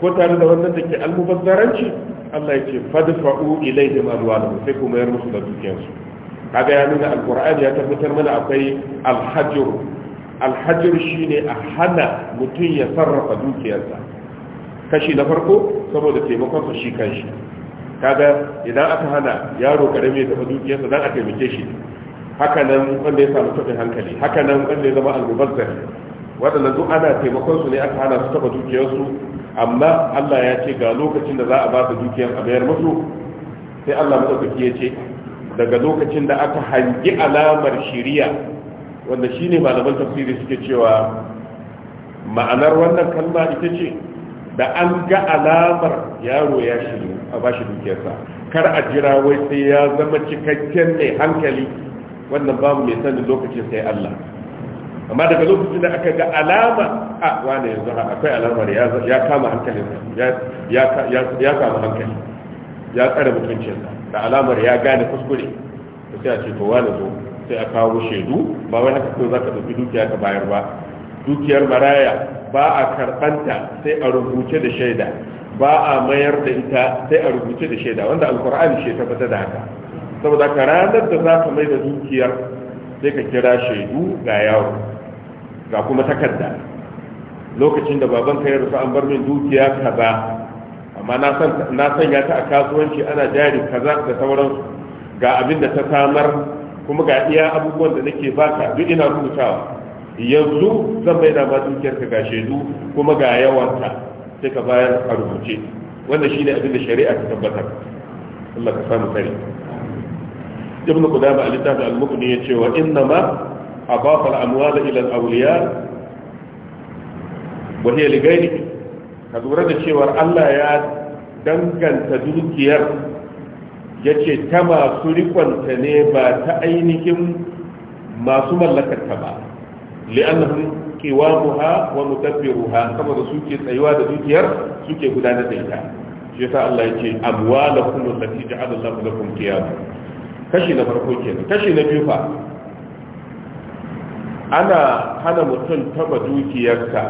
ko tare da wannan da ke almubazzaranci Allah ya ce fadfa'u ilaihim alwalahum sai ku mayar musu da dukiyansu kaga ya nuna alqur'ani ya tabbatar mana akwai alhajr alhajr shine a hana mutum ya sarrafa dukiyarsa kashi na farko saboda taimakon sa shi kanshi kaga idan aka hana yaro karami ya tafi dukiyarsa dan a taimake shi haka nan wanda ya samu tafi hankali haka nan wanda ya zama almubazzari waɗannan duk ana taimakon su ne aka hana su taɓa dukiyarsu amma Allah ya ce ga lokacin da za a ba su dukiyar a bayar musu sai Allah madaukaki ya ce daga lokacin da aka hangi alamar shiriya wanda shine malaman tafsiri suke cewa ma'anar wannan kalma ita ce da an ga alamar yaro ya shiru a bashi dukiyarsa kar a jira wai sai ya zama cikakken mai hankali wannan babu mai sanin lokacin sai Allah amma daga lokacin da aka ga alama a wane yanzu akwai alamar ya kama hankali ya kama hankali ya tsara mutuncinsa da alamar ya gane kuskure da sai a ce to da zo sai a kawo shaidu ba wani haka ko za ka ɗauki dukiya ka bayar ba dukiyar maraya ba a karɓanta sai a rubuce da shaida ba a mayar da ita sai a rubuce da shaida wanda alkur'ani shi tabbata da haka saboda ka ranar da za ka mai da dukiyar sai ka kira shaidu ga yaro ga kuma takarda lokacin da baban ya rasu an bar min dukiya kaza amma na sanya ta a kasuwanci ana jari kaza da sauransu ga abin da ta samar kuma ga iya abubuwan da nake baka duk ina rubutawa yanzu zan bai da ma dukiyar ka ga shaidu kuma ga yawanta sai ka bayar a rubuce wanda shine abin da shari'a ta tabbatar Allah ka samu kare ibn qudama al-littafi al-muqni yace wa inna ma أضاف الأموال إلى الأولياء وهي لغيره كذورة الشيوار الله يا دنكن تدوكير yace ta masu rikonta ne ba ta ainihin masu mallakarta ba li'annahum qiwamuha wa mutaffiruha saboda suke tsayuwa da dukiyar suke gudanar da ita shi yasa Allah yace amwalakum allati ja'ala Allahu lakum qiyama kashi na farko kenan kashi na biyu fa ana hana mutum taba dukiyarsa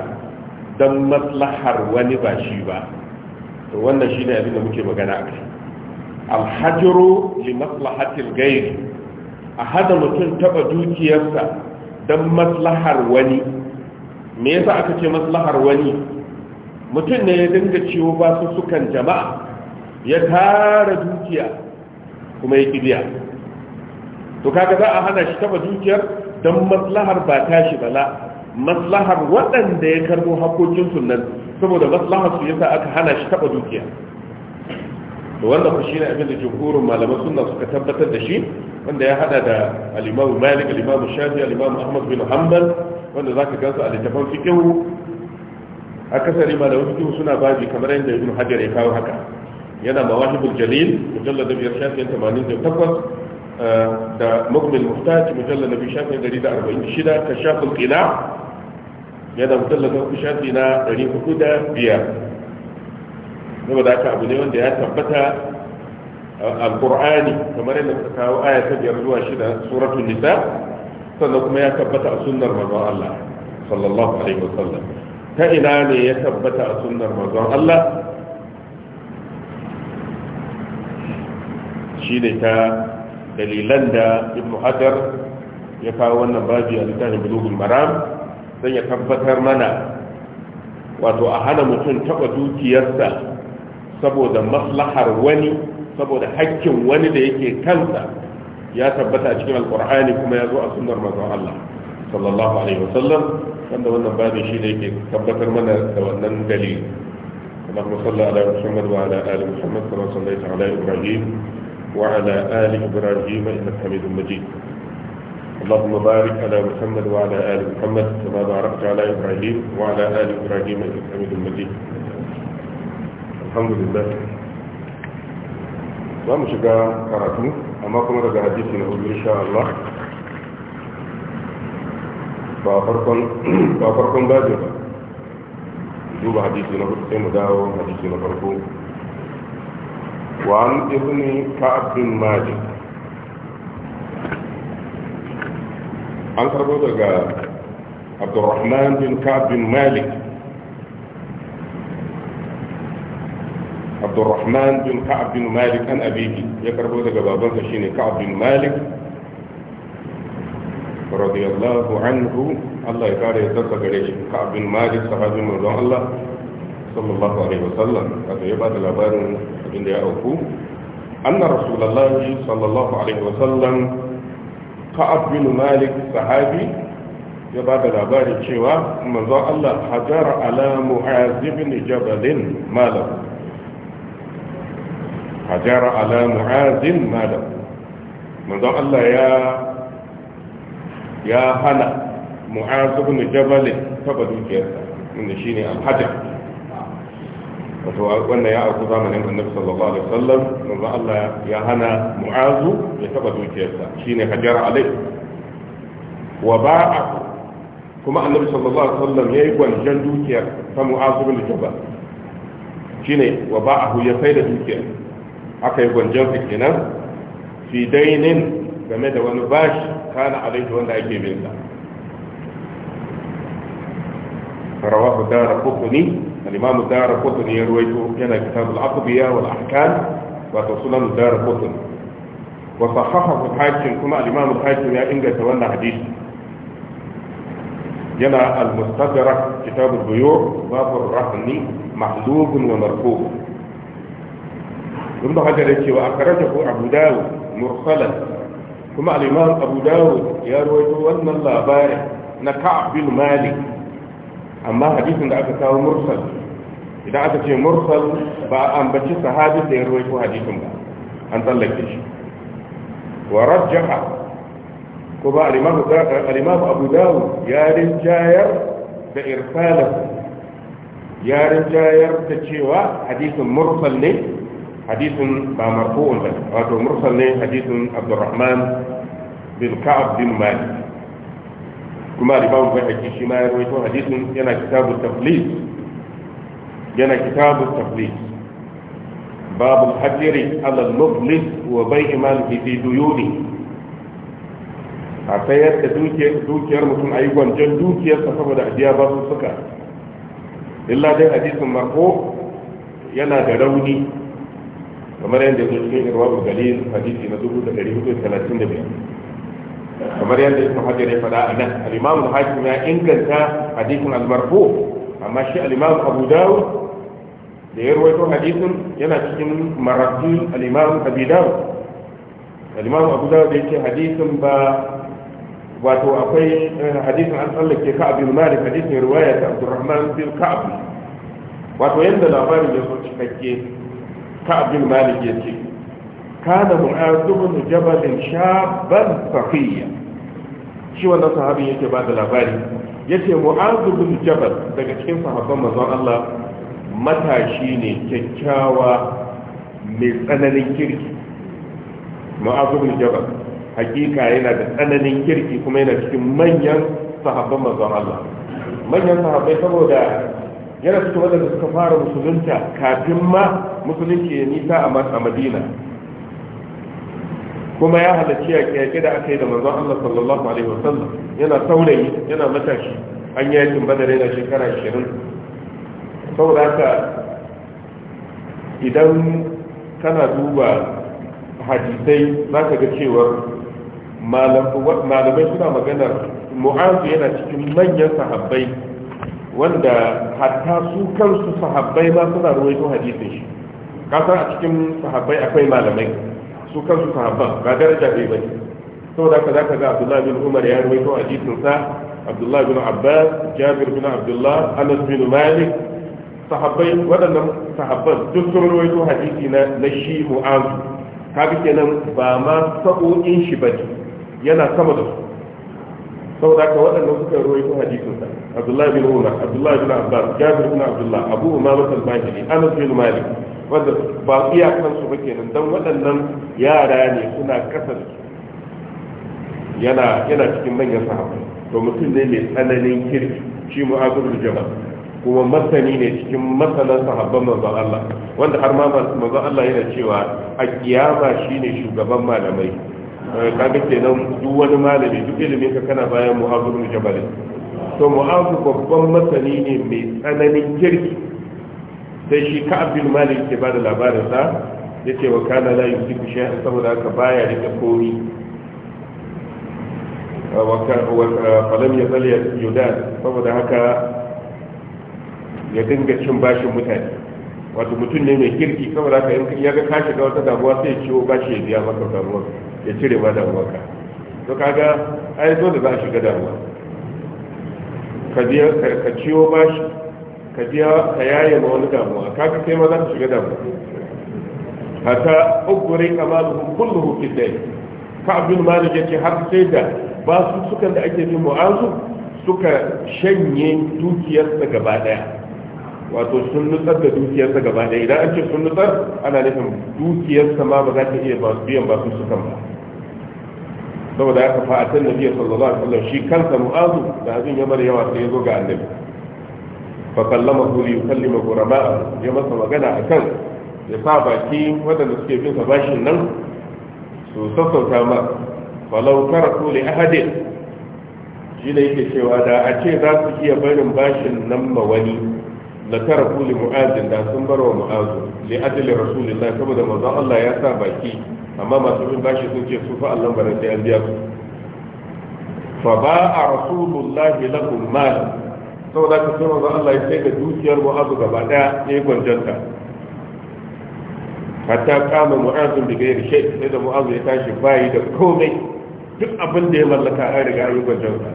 don maslahar wani ba shi ba to wannan shine abin da muke magana a kai Alhajiro li maslahatil gairi a hada mutum taba dukiyarsa don maslahar wani me yasa aka ce maslahar wani mutum ne ya dinga ciwo ba su sukan jama'a ya tara dukiya kuma ya kibiya to kaga za a hana shi taba dukiyar don maslahar ba ta shi bala maslahar waɗanda ya karbo hakokin nan, saboda maslahar su yasa aka hana shi taɓa dukiya da wannan ku shi ne abin da jumhurin malaman suna suka tabbatar da shi wanda ya hada da al Malik al Shafi al Ahmad bin Hanbal wanda za zaka gansu a littafin A akasari malaman fiqh suna babi kamar yadda Ibn Hajar ya kawo haka yana mawahibul jalil mujallad biyar shafi 88 da mukmil muhtaj mujallal nabi shafi 146 kashaful qina yana mujallal nabi shafi na 405 saboda haka abu ne wanda ya tabbata alqur'ani kamar yadda ka kawo aya ta biyar zuwa shida suratul nisa sannan kuma ya tabbata a sunnar manzon Allah sallallahu alaihi wasallam ta ina ne ya tabbata a sunnar manzon Allah Shi ne ta dalilan da ibn hajar ya kawo wannan babi a littafin bulugul maram sai ya tabbatar mana wato a hana mutum taba dukiyarsa saboda maslahar wani saboda hakkin wani da yake kansa ya tabbata a cikin alkur'ani kuma ya zo a sunnar manzon Allah sallallahu alaihi wasallam wanda wannan babin shi ne yake tabbatar mana da wannan dalili اللهم صل على محمد وعلى ال محمد كما صليت على ابراهيم وعلى آل إبراهيم إن الحميد مجيد اللهم بارك على محمد وعلى آل محمد كما باركت على إبراهيم وعلى آل إبراهيم إن الحميد مجيد الحمد لله ما مشكا قراتني أما كما رجع حديثنا إن شاء الله بابركم بابركم بادر دوب حديثنا إن داو حديثنا بركم وعن ابن كعب بن مالك عن عبد الرحمن بن كعب بن مالك عبد الرحمن بن كعب بن مالك عن أبيه يكربوتك بابنك شيني كعب بن مالك رضي الله عنه الله يقال يتسق عليه كعب بن مالك صحابي من الله صلى الله عليه وسلم هذا يبعد الأبار abin da ya auku anna rasulallahi sallallahu alaihi wasallam ka'ab bin malik sahabi ya ba da labarin cewa manzo Allah hajar ala mu'az ibn jabal malam hajar ala mu'az malam manzo Allah ya ya hana mu'az ibn jabal ta dukiyarsa inda shine al-hajar wato wannan ya auku zamanin annabi sallallahu alaihi wasallam manzo Allah ya hana mu'azu ya taba dukiyarsa shine hajar alai wa ba'a kuma annabi sallallahu alaihi wasallam yayi gwanjan dukiyar ta mu'azu bin jabal shine wa ba'ahu ya sai da dukiyar aka yi gwanjan sa kenan fi dainin game da wani bashi kana alaihi wanda ake bin sa rawahu dara qutni الإمام الدار قطن يرويته كان كتاب العقبية والأحكام وتصلنا الدار قطن وصححه الحاكم كما الإمام الحاكم يا إنجا تولى حديث جنا المستدرك كتاب البيوع باب الرهن محلوب ومرفوض ثم حجر يقول أخرجه أبو داود مرسلا ثم الإمام أبو داود يروي أن الله بارك نكع بالمالك amma hadisin da aka kawo mursal idan aka ce mursal ba a ambaci sahabi da ya ruwaito hadisin ba an tsallake shi wa rajjaha ko ba al abu dawud ya rinjayar da irsalahu ya rinjayar da cewa hadisin mursal ne hadisin ba marfu'un ba wato mursal ne hadisin abdurrahman bin ka'ab bin malik kuma al bai bayhaqi shi ma ya rawaito hadisin yana kitabu taflis yana kitabu taflis babu hajjiri ala al-muflis wa bai'i malihi fi duyuni a sayar da dukiyar mutum a yi dukiyar dukiyarsa saboda ajiya ba su suka illa dai hadisin marko yana da rauni kamar yadda ya zo cikin irwa galil hadisi na biyar. kamar yadda ibn hajar ya faɗa a nan al-imam hakim ya inganta hadisin al-marfu amma shi al-imam abu dawud da ya rawaito hadisin yana cikin maratu al-imam abi dawud al-imam abu dawud yake hadisin ba wato akwai eh, hadisin an tsallake ka'ab bin malik hadisin riwaya ta abdurrahman bin ka'ab wato yanda labarin ya so cikakke ka'ab bin malik ya ce kana mu'azu bin jabal shaban faqiya shi wannan sahabi yake ba da labari yace mu'azu bin jabal daga cikin sahabban manzon Allah matashi ne kyakkyawa mai tsananin kirki mu'azu bin jabal hakika yana da tsananin kirki kuma yana cikin manyan sahabban manzon Allah manyan sahabbai saboda yana cikin wadanda suka fara musulunta kafin ma musulunci ya nisa a madina kuma ya halarci a yaƙe da aka yi da manzon Allah sallallahu alaihi wasallam yana saurayi yana matashi an yi yakin badar yana shekara 20 saboda haka idan kana duba hadisai za ka ga cewar malamai suna magana mu'azu yana cikin manyan sahabbai wanda hatta su kansu sahabbai ma suna ruwaito hadisin shi kasar a cikin sahabbai akwai malamai su kansu sahabban ba daraja bai bane saboda haka zaka ga Abdullah bin Umar ya rawaito hadisin sa Abdullah bin Abbas Jabir bin Abdullah Anas bin Malik sahabbai waɗannan sahabban duk sun rawaito hadisi na na shi Mu'az kaga kenan ba ma in shi bane yana sama da su saboda haka waɗanda suka ruwaito hadisin sa Abdullah bin Umar Abdullah bin Abbas Jabir bin Abdullah Abu Umama al-Bahili Anas bin Malik wanda ba iyakan su ba kenan dan waɗannan yara ne suna kasa yana yana cikin manyan sahabbai to mutum ne mai tsananin kirki shi mu'azirul jama'a kuma masani ne cikin masanan sahabban manzon Allah wanda har ma manzon Allah yana cewa a kiyama shine shugaban malamai Eh, kaga kenan duk wani malami duk ilimin ka kana bayan mu'azu bin jabal to mu'azu babban masani ne mai tsananin kirki sai shi ka abdul malik ke bada labarin sa yace wa kana la yusiku shay'an saboda haka baya rike komi eh, wa eh, falam yazal yudad saboda haka ya dinga cin bashin mutane wato mutum ne mai kirki saboda haka in ya ga ka shiga wata damuwa sai ya ciwo bashi ya biya maka damuwa ya cire ma damuwarka to kaga ai dole za a shiga damuwa ka biya ka ciwo shi? ka biya ka yaye ma wani damuwa kaga kai ma za ka shiga damuwa hata ukuri kamaluhu kulluhu fi dai ka ma malik yake har sai da ba su suka da ake jin mu'azu suka shanye dukiyarsa gaba daya wato sun nutsar da dukiyarsa gaba ɗaya idan an ce sun nutsar ana nufin dukiyarsa ma ba za ta iya biyan ba su suka ba saboda aka fa'atan biya sallallahu alaihi wasallam shi kansa mu'azu da abin ya bar yawa sai ya zo ga annabi fa kallamahu li yukallima qurama'a ya masa magana akan ya sa baki wadanda suke bin sa bashin nan su sassauta ma falau karatu li ahadin shi ne yake cewa da a ce za su iya barin bashin nan ma wani la taraku li mu'azin da sun barwa mu'azu li ajli rasulillah saboda manzon Allah ya sa baki amma masu bin bashi sun ce sufa fa Allah sai an biya su fa ba a rasulullahi lakum mal saboda ka sai manzo Allah ya sai da dukiyar mu'azu gaba daya ya yi gwanjanta hatta kama mu'azu da gairi shai sai da mu'azu ya tashi bayi da komai duk abin da ya mallaka an riga an yi gwanjanta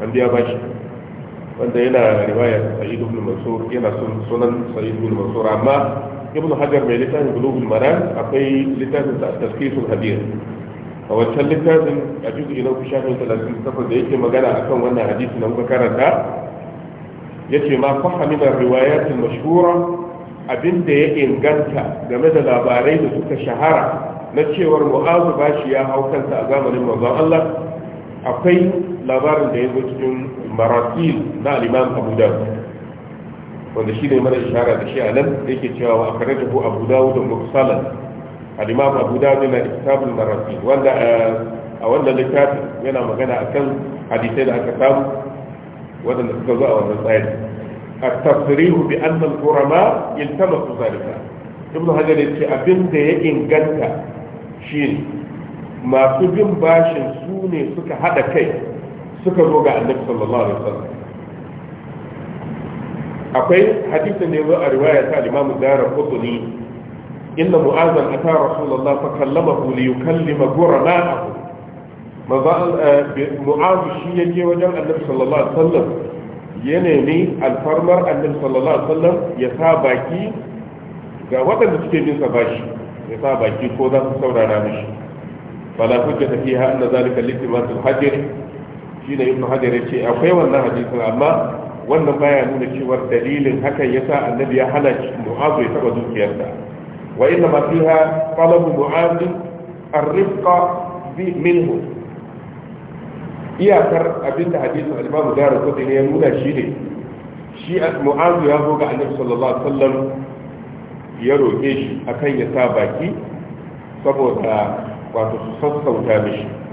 an biya bashi wanda yana riwayar sa'id ibn mansur yana sunan sa'id ibn mansur amma ibn hajar mai littafin global maran akwai littafin sa tafsirul hadith a wancan littafin a juzu ina ku shafin talatin da yake magana akan wannan hadisi na muka karanta ce ma fahimin riwayat mashhura abinda ya inganta game da labarai da suka shahara na cewar mu'azu bashi ya hau kansa a zamanin manzon Allah akwai labarin da ya zo cikin marasil na al-Imam Abu Dawud wanda shi ne mara shahara da shi a nan da yake cewa wa akarata ko abu dawo da mursalan al'imam abu dawo yana da kitabun da rafi wanda eh, a wannan littafin yana magana a kan hadisai da aka samu wadanda suka zo a wannan tsayin a tafsirihu bi annal qurama yaltamasu zalika ibnu hajar yace abin da ya inganta ne. masu bin bashin su ne suka haɗa kai suka zo ga annabi sallallahu alaihi wasallam akwai hadisin da ya zo a riwaya ta limamu zara kusuri inda mu'azan ata rasulullah fa kallamahu li yukallima guramahu mu'azu eh, shi ke wajen annabi sallallahu alaihi wasallam ya nemi alfarmar annabi sallallahu alaihi wasallam ya sa baki ga waɗanda suke bin sa bashi ya sa baki ko za su saurara mishi fala hujja fiha anna zalika liqtimatul hajr shine ibn hajar ce akwai wannan hadisin amma wannan baya nuna cewar dalilin hakan yasa annabi ya hana mu'azu ya taba dukiyarsa wa inna ma fiha talabu mu'azu ar-rifqa bi minhu iyakar abinda hadisin al-imamu daru kudi ne ya nuna shi ne shi mu'azu ya zo ga annabi sallallahu alaihi wasallam ya roƙe shi akan ya sa baki saboda wato su sassauta mishi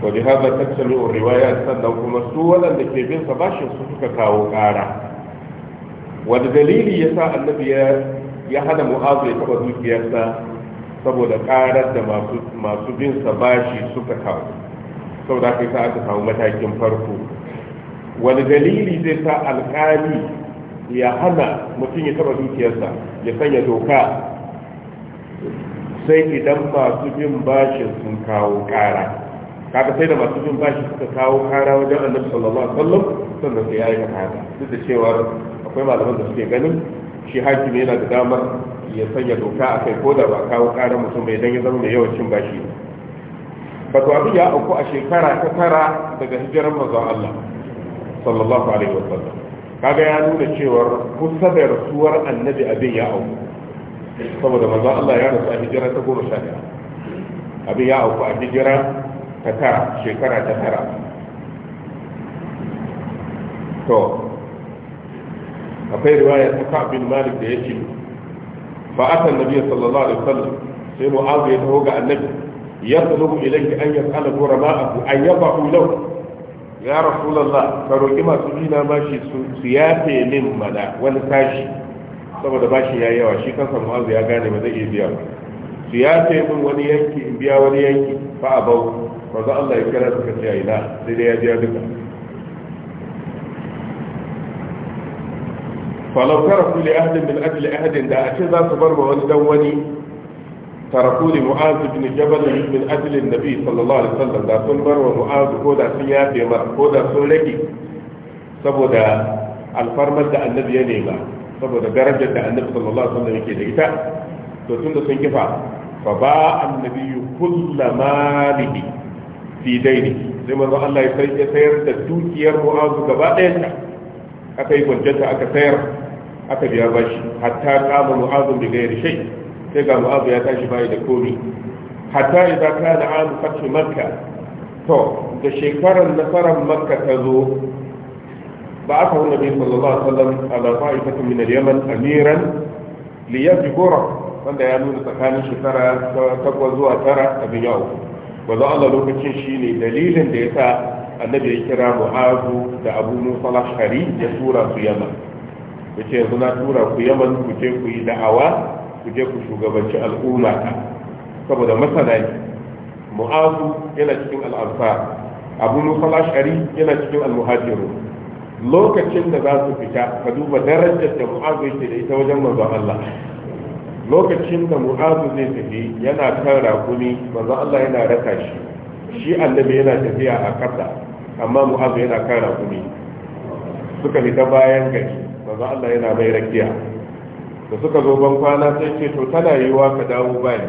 wa bi tattalin riwaya sannan kuma su waɗanda ke bin sa bashin su suka kawo ƙara wani dalili sa annabi ya ya hana mu'azu ya taɓa dukiyarsa saboda ƙarar da masu bin sa bashi suka kawo aka yi sa aka samu matakin farko wani dalili zai sa alƙali ya hana mutum ya taɓa dukiyarsa ya sanya doka sai idan masu bin bashin sun kawo ƙara kaga sai da masu jin bashi suka kawo kara wajen annabi sallallahu alaihi wasallam sannan sai yayi haka duk da cewa akwai malaman da suke ganin shi hakimi yana da damar ya sanya doka a kai ko da ba kawo kara mutum mai dan ya zama mai yawan cin bashi to abin ya auku a shekara ta tara daga hijiran manzon Allah sallallahu alaihi wasallam kaga ya nuna cewa kusa da rasuwar annabi abin ya auku saboda manzon Allah ya rasu a hijira ta goma sha abin ya auku a hijira ta tara shekara ta tara to akwai riwaya ta ka'bin malik da ya yake fa atan nabiy sallallahu alaihi wasallam sai mu'az ya taho ga annabi yasluhu ilayhi an yas'ala ghurama'ahu an yabahu law ya rasulullah ka roki masu dina shi su yafe min mana wani tashi saboda bashi yayi yawa shi kansa mu'az ya gane ba zai iya biya ba su yafe min wani yanki in biya wani yanki fa abau za Allah ya kira suka ce ina sai dai ya biya duka falau taraku li ahdin min ajli ahdin da a ce za su bar ma wani dan wani taraku li mu'azu bin jabal min ajli nabi sallallahu alaihi wasallam da sun bar wa mu'azu ko da sun yafe mar ko da sun rage saboda alfarmar da annabi ya nema saboda darajar da annabi sallallahu alaihi wasallam yake da ita to da sun kifa fa ba annabi kullu malihi fi daini sai manzo Allah ya sai sayar da dukiyar mu'azu gaba ɗayan ta aka yi kwanciyarta aka sayar aka biya bashi hatta kama mu'azu da gairi shai sai ga mu'azu ya tashi bayi da komi hatta idza kana amu fathi makka to da shekarar nasarar makka ta zo ba بعثه النبي صلى الله عليه وسلم على طائفة من اليمن أميرا ليبجبره wanda ya nuna tsakanin shekara takwas zuwa tara a biyawo manzo Allah lokacin shine dalilin da ya yasa annabi ya kira Mu'azu da Abu Musa al ya tura su Yaman yace yanzu na tura ku yamma ku je ku yi da'awa ku je ku shugabanci al'umma ta saboda masana Mu'azu yana cikin al Abu Musa al yana cikin almuhajiru. lokacin da za su fita ka duba darajar da Mu'azu yake da ita wajen manzo Allah lokacin da mu'azu zai tafi yana kan rakumi manzo Allah yana raka shi shi annabi yana tafiya a ƙasa amma mu'azu yana kan rakumi suka fita bayan gari manzo Allah yana mai rakiya da suka zo ban kwana sai ce to tana yiwa ka dawo bani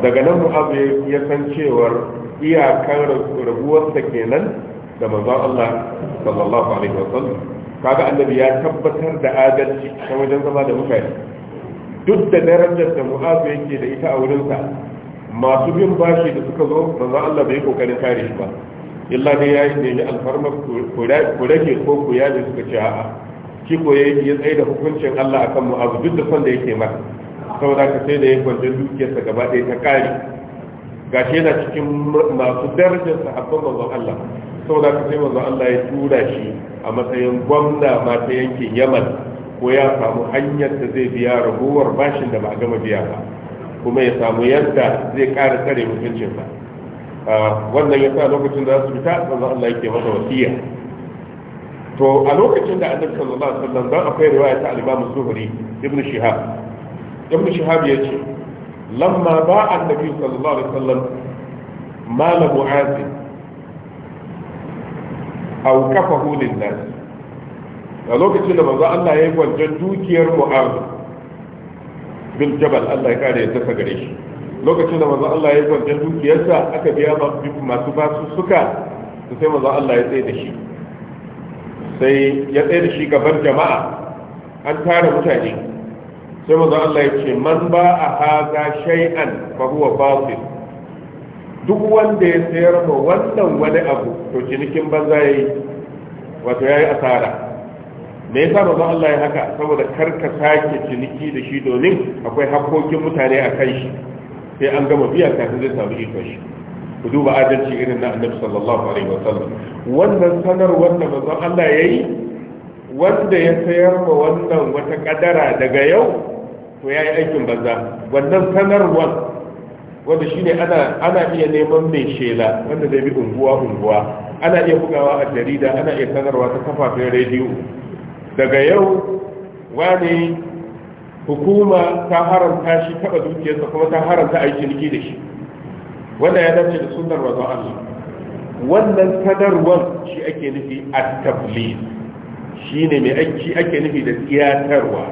daga nan mu'azu ya san cewar iyakan rabuwarsa kenan da manzo Allah sallallahu alaihi wasallam kaga annabi ya tabbatar da adalci ta wajen zama da mutane duk da darajar da mu'azu yake da ita a wurinsa masu bin bashi da suka zo manzo Allah bai kokarin kare shi ba illa dai yayi da ni alfarma ku rage ko ku yaji suka ce a'a shi ko yayi ya tsaye da hukuncin Allah akan mu'azu duk da son da yake mata saboda ka sai da ya kwance dukiyarsa gaba ɗaya ta kare gashi yana cikin masu darajar sahabban manzo Allah saboda ka sai manzo Allah ya tura shi a matsayin gwamna mata yankin Yaman ko ya samu hanyar da zai biya ragowar bashin da ba a gama biya ba kuma ya samu yadda zai ƙara tsare mutuncinsa wannan ya sa lokacin da za su fita manzo Allah yake masa wasiya to a lokacin da annabi sallallahu alaihi wasallam dan akwai riwaya ta al-Imam Zuhri ibn Shihab ibn Shihab ya yace lamma ba'a annabi sallallahu alaihi wasallam mal mu'az aw kafahu lin-nas a lokacin da manzo Allah ya yi wancan dukiyar mu'az bin jabal Allah ya kare ya tafa gare shi lokacin da manzo Allah ya yi wancan dukiyarsa aka biya masu basu suka su sai manzo Allah ya tsaye da shi sai ya tsaye da shi gaban jama'a an tara mutane sai manzo Allah ya ce man ba a haza shay'an fa huwa batil duk wanda ya sayar ma wannan wani abu to cinikin banza yayi wato yayi asara me yasa ba Allah ya haka saboda kar ka sake ciniki da shi domin akwai hakokin mutane a kan shi sai an gama biya kafin zai samu ikon shi ku duba adalci irin na annabi sallallahu alaihi wasallam wannan sanarwar da manzon Allah yayi wanda ya sayar ma wannan wata kadara daga yau to yayi aikin banza wannan sanarwar wanda shine ana ana iya neman mai shela wanda zai bi unguwa unguwa ana iya bugawa a jarida ana iya sanarwa ta kafafen rediyo daga yau wani hukuma ta haramta shi taba dukiyarsa kuma ta haramta aiki niki da shi wanda ya dace da sunnar wazo Allah wannan sadarwar shi ake nufi a tabli shi ne mai aiki ake nufi da tiyatarwa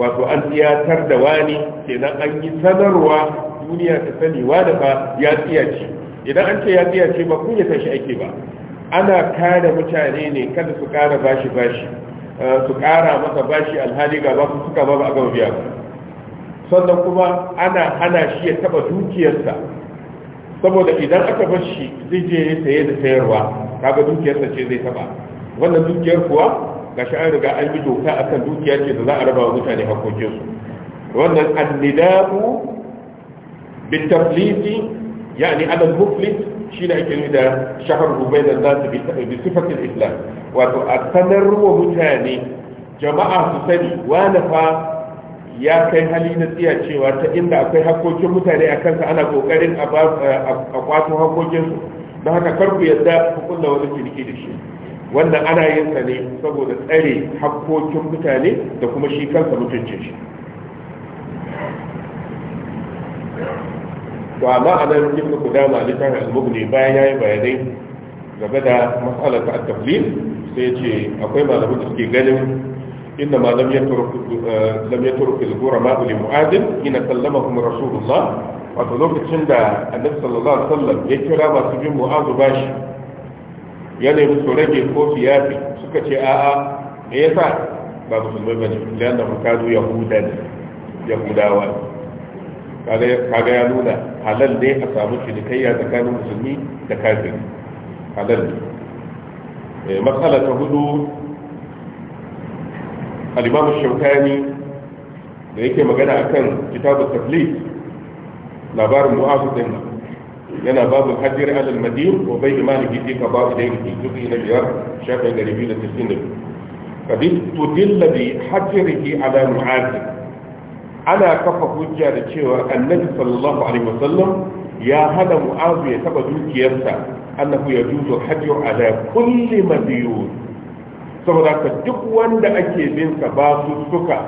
wato an tiyatar da wani nan an yi sadarwa duniya ta sani da ba ya tsiyaci idan an ce ya tsiyaci ba kun ya tashi ake ba ana kare mutane ne kada su kara bashi bashi Eh, su ƙara masa bashi alhali ga basu suka ba a gama biya sannan kuma ana hana shi ya taɓa dukiyarsa saboda idan aka bar shi zai je saye da sayarwa kaga dukiyarsa ce zai taɓa wannan dukiyar kuwa ga shi an riga an bi doka akan dukiya ce da za a raba wa mutane hakokinsu wannan annidabu bitaflisi yani alal muflis shi ne ake nufi da shahar ubaidan za su bi sifatin islam wato a sanarwa mutane jama'a su sani wani fa ya kai hali na tsiya cewa ta inda akwai hakokin mutane a kansa ana kokarin a kwato hakokinsu don haka karku yadda hukunna wani ciniki da shi wannan ana yinsa ne saboda tsare hakokin mutane da kuma shi kansa mutuncin shi to ma a nan ibn kudama littafin al-mughni bayan yayi bayanai game da mas'alar ta at-taflil sai ce akwai malamin da suke ganin inna ma lam yatruk eh, lam yatruk al-ghurama li mu'adin ina sallamahum rasulullah wato lokacin da annabi sallallahu alaihi wasallam ya kira masu bin mu'adu bashi ya nemi su rage ko su yafi suka ce a'a me yasa ba musulmai bane lalla mu kazu yahudan yahudawa kaga ya nuna halal ne a samu cinikayya tsakanin musulmi da kafiri halal ne matsala ta hudu alimamu shaukani da yake magana akan kitabu taflis labarin mu'azu din yana babu hajjir alal madin ko bai imani gidi ka babu da yanki juzi na biyar shafin gari biyu da tisin da biyu kadis tudilla bi hajjirihi ala mu'azin ana kafa hujja da cewa annabi sallallahu alaihi wasallam ya hada mu'azu ya taba dukiyarsa annahu ya juzo hajju ala kulli madiyun saboda ka duk wanda ake bin sa ba su suka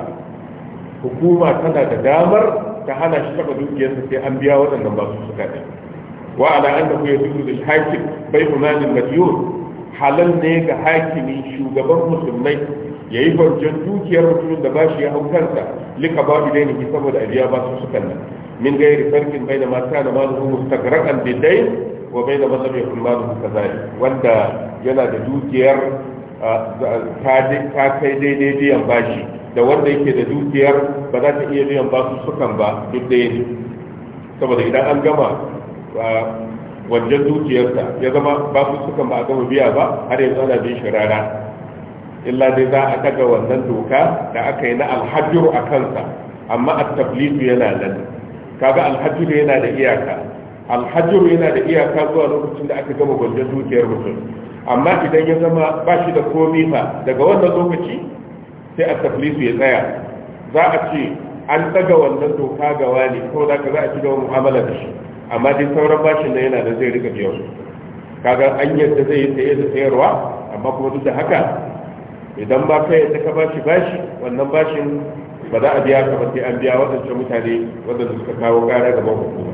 hukuma tana da damar ta hana shi taba dukiyarsa sai an biya waɗannan ba su suka ne wa ala annahu ya juzo lil hakim bai madiyun halal ne ga hakimi shugaban musulmai ya yi barjan dukiyar mutumin da bashi ya hau kansa lika ba bi dainihi saboda ajiya ba su sukan nan min gairi farkin bai da mata da maluhu mustagrakan bidai wa bai da masabi kun maluhu kazali wanda yana da dukiyar ta kai daidai biyan bashi da wanda yake da dukiyar ba za ta iya biyan ba su sukan ba duk da ne saboda idan an gama wajen dukiyarsa ya zama ba su sukan ba a gama biya ba har yanzu ana bin shi rana illa dai za a daga wannan doka da aka yi na alhajjur a kansa amma a tabligu yana nan kaga alhajjur yana da iyaka alhajjur yana da iyaka zuwa lokacin da aka gama gwanjon dukiyar mutum amma idan ya zama ba shi da komi fa daga wannan lokaci sai a tabligu ya tsaya za a ce an daga wannan doka ga wani ko da ka za a ci gaba mu'amala da shi amma dai sauran bashin da yana da zai rika biyan kaga an yadda zai yi saye da sayarwa amma kuma duk da haka idan ba kai yadda ka bashi bashi wannan bashin ba za a biya ka ba sai an biya waɗancan mutane waɗanda suka kawo ƙara gaban hukuma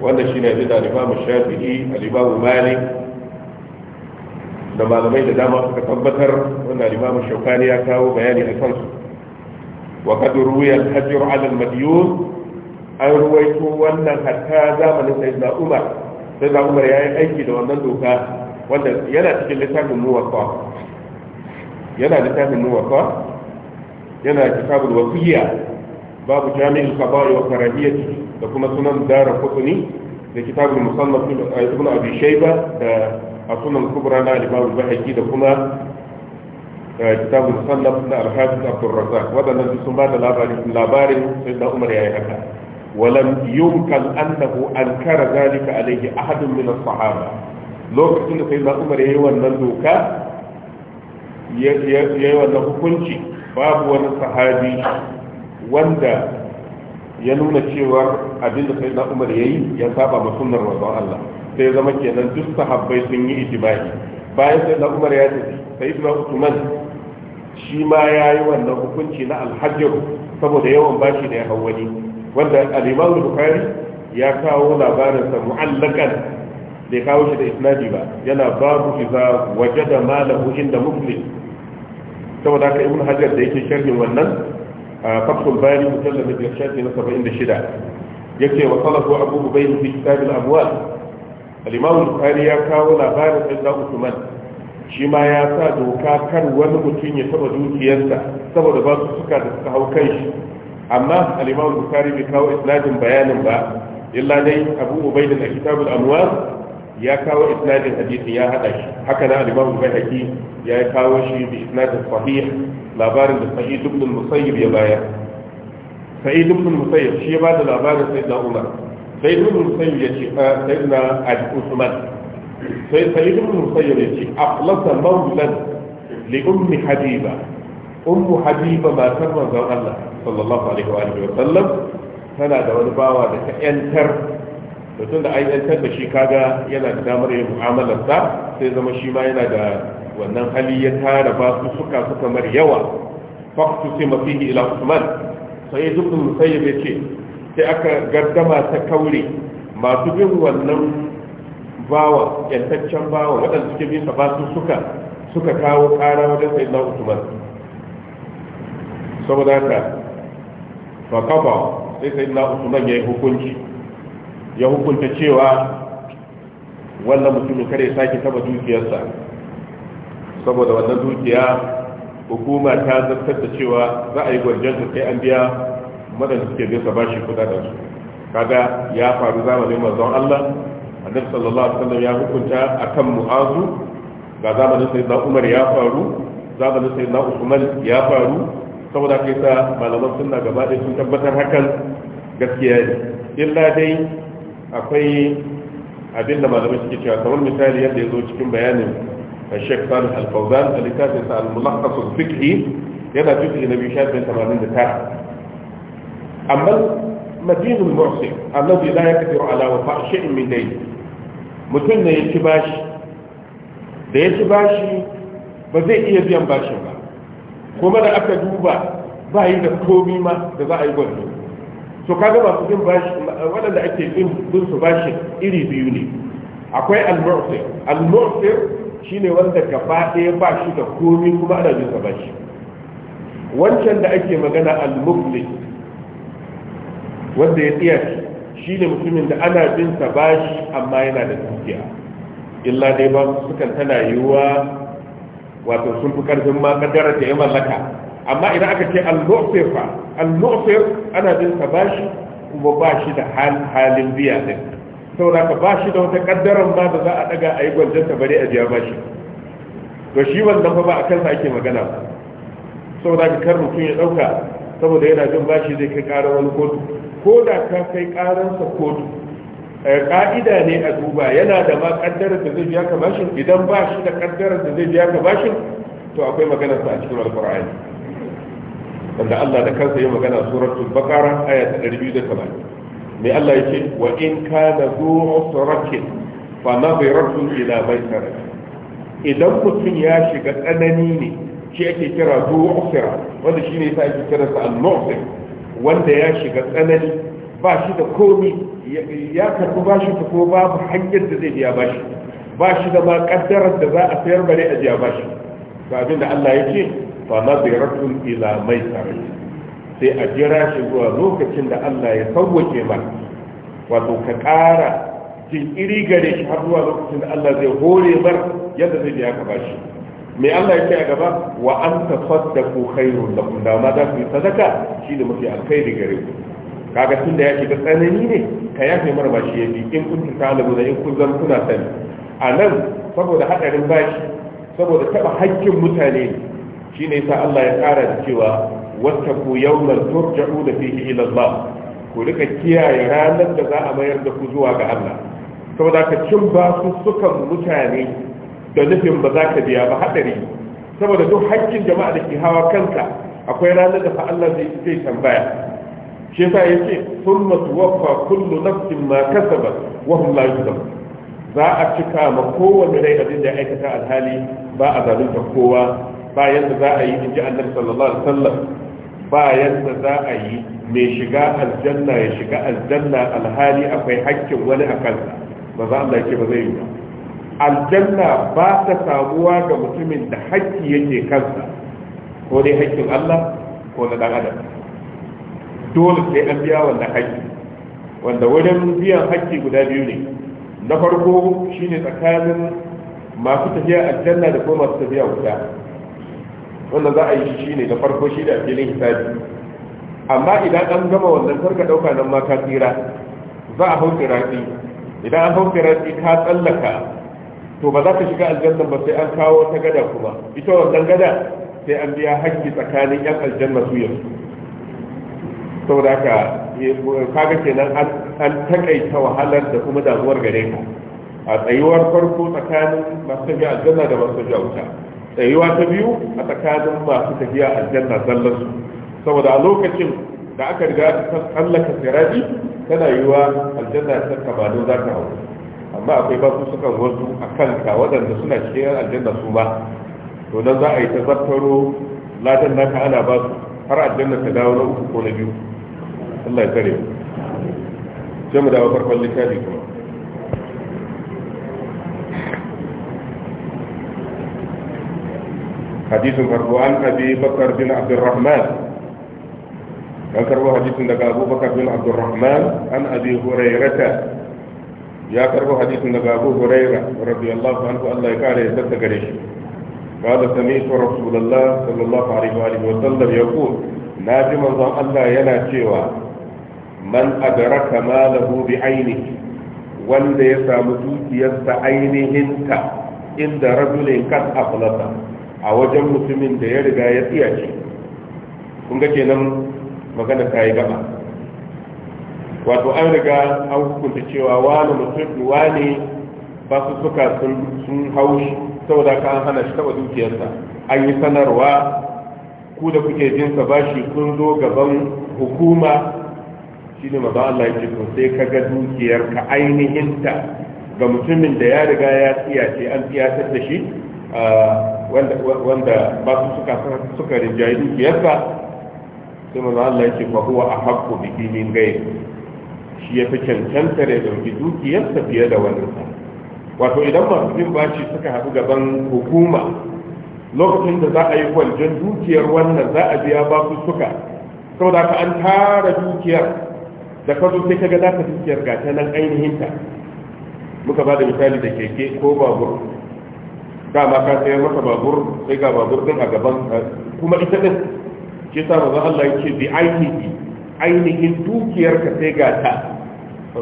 wannan shi ne abin da alimamu shafi'i alimamu mali da malamai da dama suka tabbatar wanda alimamu shaukani ya kawo bayani a kansu wa kad ruwiya al-hajr 'ala al-madyun an ruwaito wannan hatta zamanin sai sayyidina umar sai sayyidina umar yayi aiki da wannan doka wanda yana cikin littafin muwaffa yana littafin muwafa yana kitabul wasiya babu jami'ul qaba'i wa karahiyati da kuma sunan dara kutuni da kitabul musannaf ibn abi shayba da sunan kubra na al-imam al-bahaqi da kuma kitabul musannaf na al-hafiz abdul razzaq wadannan sun ba da labarin labarin sayyidina umar yayi haka ولم يمكن أنه أنكر ذلك عليه أحد من الصحابة لو كنت سيدنا عمر يهوى النزوكا ya yi wannan hukunci babu wani sahabi wanda ya nuna cewa abinda da sai na umar ya yi ya saba ma sunnar manzon Allah sai zama kenan duk sahabbai sun yi ijma'i bayan sai na umar ya tafi sai ibn Uthman shi ma ya yi wannan hukunci na alhajjar saboda yawan bashi da ya hau wani wanda al-Imam Bukhari ya kawo labarin sa mu'allakan bai kawo shi da isnadi ba yana babu iza da malahu inda muflis saboda haka ibn hajar da yake sharhin wannan a fathul bari mujallal na biyar shafi na saba'in da shida yake wa salafu abu ubayyin fi kitab al-amwal al bukhari ya kawo labarin sayyidina usman shi ma ya sa doka kan wani mutum ya taba dukiyarsa saboda ba su suka da suka hau kan shi amma al-imam bukhari bai kawo isnadin bayanin ba illa dai abu ubayyin a kitab al ya kawo isnadin hadisi ya hada shi haka na al bai al-bayhaqi ya kawo shi da isnadin sahih labarin da sa'id ibn musayyib ya bayar sa'id ibn musayyib shi ya bada labarin sayyidina umar sai ibn musayyib ya ce ah, sayyidina usman sai sa'id ibn musayyib ya ce aflasa mawlan li ummi habiba ummu habiba matar manzon Allah sallallahu alaihi wa sallam tana da wani bawa da ta yantar da tun da ayyantar da shi kaga yana da damar yin mu'amalarsa sai zama shi ma yana da wannan hali ya tara ba su suka suka mar yawa faktu sai mafihi ila usman sai duk musayyib ya ce sai aka gardama ta kaure masu bin wannan bawa yantaccen bawa waɗanda suke bin sa ba su suka suka kawo kara wajen sai na usman saboda haka fa kafa sai sai na usman ya yi hukunci ya hukunta cewa wannan mutumin kare sake taba dukiyarsa saboda wannan dukiya hukuma ta zartar da cewa za a yi gwanjan kai an biya madan suke bin sa bashi kudaden su kaga ya faru zamanin manzon Allah annabi sallallahu alaihi wasallam ya hukunta akan mu'azu ga zamanin sayyidina Umar ya faru zamanin sayyidina Usman ya faru saboda kai sa malaman sunna gaba ɗaya sun tabbatar hakan gaskiya ne illa dai akwai abin da malamai suke cewa kamar misali yadda ya zo cikin bayanin shek salih al-fawzan a littafin sa al-mulakhasul fiqhi yana cikin na biyu shafin tamanin da tara amma madinul mu'sir annabi la yaqdiru ala wafa shay'in min dai. mutum ne ya ci bashi da ya ci bashi ba zai iya biyan bashin ba kuma da aka duba ba yi da komi ma da za a yi gwando to kaga masu bin bashi waɗanda ake bin su bashi iri biyu ne akwai al-mu'sir al-mu'sir shine wanda gaba ɗaya ba shi da komi kuma ana bin sa bashi wancan da ake magana al-muflis wanda ya tsaya shi ne mutumin da ana bin sa bashi amma yana da dukiya illa dai ba su sukan tana yiwuwa wato sun fi karfin ma kaddara da ya mallaka amma idan aka ce al-mu'sir fa al-mu'sir ana bin sa bashi kuma bashi da halin biya din saboda ka bashi da wata kaddaran ba da za a daga ayi gwanjan ta bare a biya bashi to shi wannan fa ba a kansa ake magana ba saboda ka kar mutum ya dauka saboda yana jin bashi zai kai karar wani kotu ko da ka kai karansa kotu ka'ida eh, ne a duba yana da ma kaddarar da zai biya ka bashin idan ba shi da kaddarar da zai biya ka bashin to akwai maganar sa a cikin alkur'ani wanda Allah da kansa ya magana suratul baqara aya ta 280 me Allah yake wa in kana zu usratin fa nadiratu ila maisara idan mutum ya shiga tsanani ne shi ake kira zu usra wanda shine yasa ake kira sa al wanda ya shiga tsanani ba shi da komi ya karbi bashi ta ko babu hanyar da zai biya bashi ba shi da ma kaddarar da za a sayar bare a biya bashi ga abin da Allah ya ce fa nadiratun ila maisara sai a jira shi zuwa lokacin da Allah ya sauwake mana wato ka ƙara jin iri gare shi har zuwa lokacin da Allah zai hore bar yadda zai ya ka shi. mai Allah ya ce a gaba wa an tasaddaku khairun lakum da ma za ku yi sadaka ne mafi alkhairi gare ku kaga tun da ya shiga tsanani ne ka yafe mar shi ya bi in kun ta talabu da in kun zan kuna sani a nan saboda hadarin bashi saboda taba hakkin mutane shine sa Allah ya kara da cewa wattaku yawman da fihi ila Allah ku rika kiyaye ranar da za a mayar da ku zuwa ga Allah saboda ka cin ba su sukan mutane da nufin ba za ka biya ba hadari saboda duk hakkin jama'a da ke hawa kanka akwai ranar da fa Allah zai zai tambaya shi yasa yace thumma tuwaffa kullu nafsin ma kasabat wa hum la yuzlamun za a cika ma kowanne rai abin da ya aikata alhali ba a zalunta kowa ba yadda za a yi in ji annabi sallallahu alaihi wasallam ba yadda za a yi mai shiga aljanna ya shiga aljanna alhali akwai hakkin wani a kansa ba za Allah yake ba zai yi ba aljanna ba ta samuwa ga mutumin da hakki yake kansa ko dai hakkin Allah ko na dan adam dole sai an biya wannan hakki wanda wajen biyan hakki guda biyu ne na farko shine tsakanin masu tafiya aljanna da kuma masu tafiya wuta wanda za a yi shi ne da farko shi da filin hisabi amma idan an gama wannan karka dauka nan ma ka tsira za a hau tsirati idan an hau tsirati ka tsallaka to ba za ka shiga aljanna ba sai an kawo ta gada kuma ita wannan gada sai an biya hakki tsakanin yan aljanna su yanzu saboda ka eh, kaga kenan an takaita wahalar da kuma damuwar gare ka a tsayuwar farko tsakanin masu tafiya aljanna da masu tafiya wuta tsayuwa ta biyu a tsakanin masu tafiya aljanna sallarsu saboda a lokacin da aka riga ta tsallaka siraji tana yiwa aljanna ta kamanin za ta hau amma akwai basu sukan wasu a kanka waɗanda suna cikin aljanna su ba to nan za a yi ta zartaro ladan naka ana ba su har aljanna ta dawo na uku ko na biyu Allah ya kare mu da mu farkon littafi kuma hadisin farko an bakar bin abdurrahman an karbo hadisin daga abu bakar bin abdurrahman an abi hurairata ya karbo hadisin daga abu huraira radiyallahu anhu Allah ya kare ya tsaka قال سمعت رسول الله صلى الله عليه واله وسلم يقول ناجم الله ينا cewa man adraka malahu bi ainihi wanda ya samu dukiyarsa ainihinta inda rajulin a aflata a wajen mutumin da ya riga ya tsiyace kun ga kenan magana ta yi gaba wato an riga an hukunta cewa wani mutum wani su suka sun hau shi saboda ka an hana shi taba dukiyarsa an yi sanarwa ku da kuke jinsa bashi kun zo gaban hukuma Shi ne maza Allah ya to sai ka ga dukiyar ainihin ainihinta ga mutumin da ya riga ya tsiyace an tsiyatar da shi wanda ba su suka suka rinjaye dukiyarsa sai mazan Allah ce fa huwa ahaqqu bihi min gai shi ya fi cancanta da dauki dukiyarsa fiye da sa wato idan masu yin bashi suka haɗu gaban hukuma lokacin da za a yi kwaljen dukiyar wannan za a biya ba su suka saboda ka an tara dukiyar da ka zo sai ka ga za ka dukiyar ga ta nan ainihinta muka ba da misali da keke ko babur dama ka sayar masa babur sai ga babur din a gaban kuma ita din shi sa za Allah yake bi aiki. ainihin dukiyar ka sai ga ta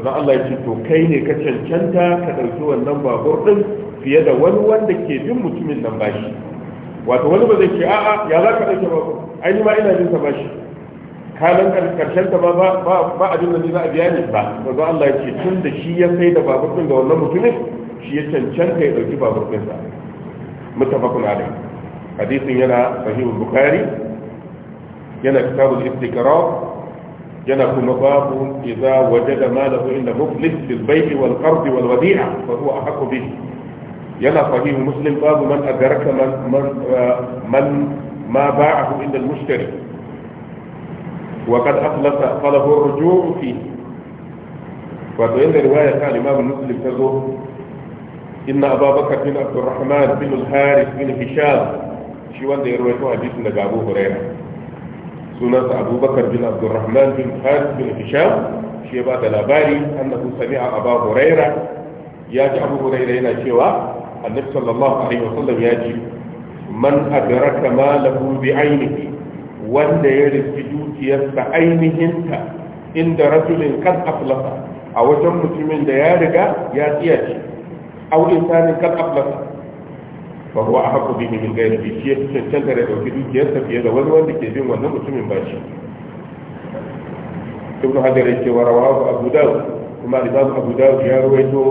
za Allah yake to kai ne ka cancanta ka dauki wannan babur din fiye da wani wanda ke bin mutumin nan bashi wato wani ba zai ce a'a ya za ka dauke babur Aini ma ina jin sa bashi kalan karshen ta ba ba abin da za a biya ne ba za Allah yake tun da shi ya sai da babur din ga wannan mutumin shi ya cancanta ya dauki babur din sa متفق عليه حديث ينا صحيح البخاري ينا كتاب الابتكار ينا كل باب إذا وجد ماله عند مفلس في البيع والقرض والوديعة فهو أحق به ينا صحيح مسلم باب من أدرك من, من, من ما باعه عند المشتري وقد أفلس فله الرجوع فيه وعند رواية الإمام المسلم تزور إن أبا بكر بن عبد الرحمن بن الحارث بن هشام شي وان يروي حديث لك أبو هريرة سنة أبو بكر بن عبد الرحمن بن الحارث بن هشام شي بعد الأباري أنه سمع أبا هريرة يا أبو هريرة هنا شيوا النبي صلى الله عليه وسلم يجي من أدرك ماله بعينه وان يرزق دوكيا عينهنك عند رجل قد أفلس أو جمع من ديارك يا سياتي aw insani kal aflasa fa huwa ahqqu bihi min ghairihi shi yake cancanta da dauki dukiyarsa fiye da wani wanda ke bin wannan mutumin bashi ibnu hajar yake wa rawahu abu dawud kuma imam abu dawud ya rawaito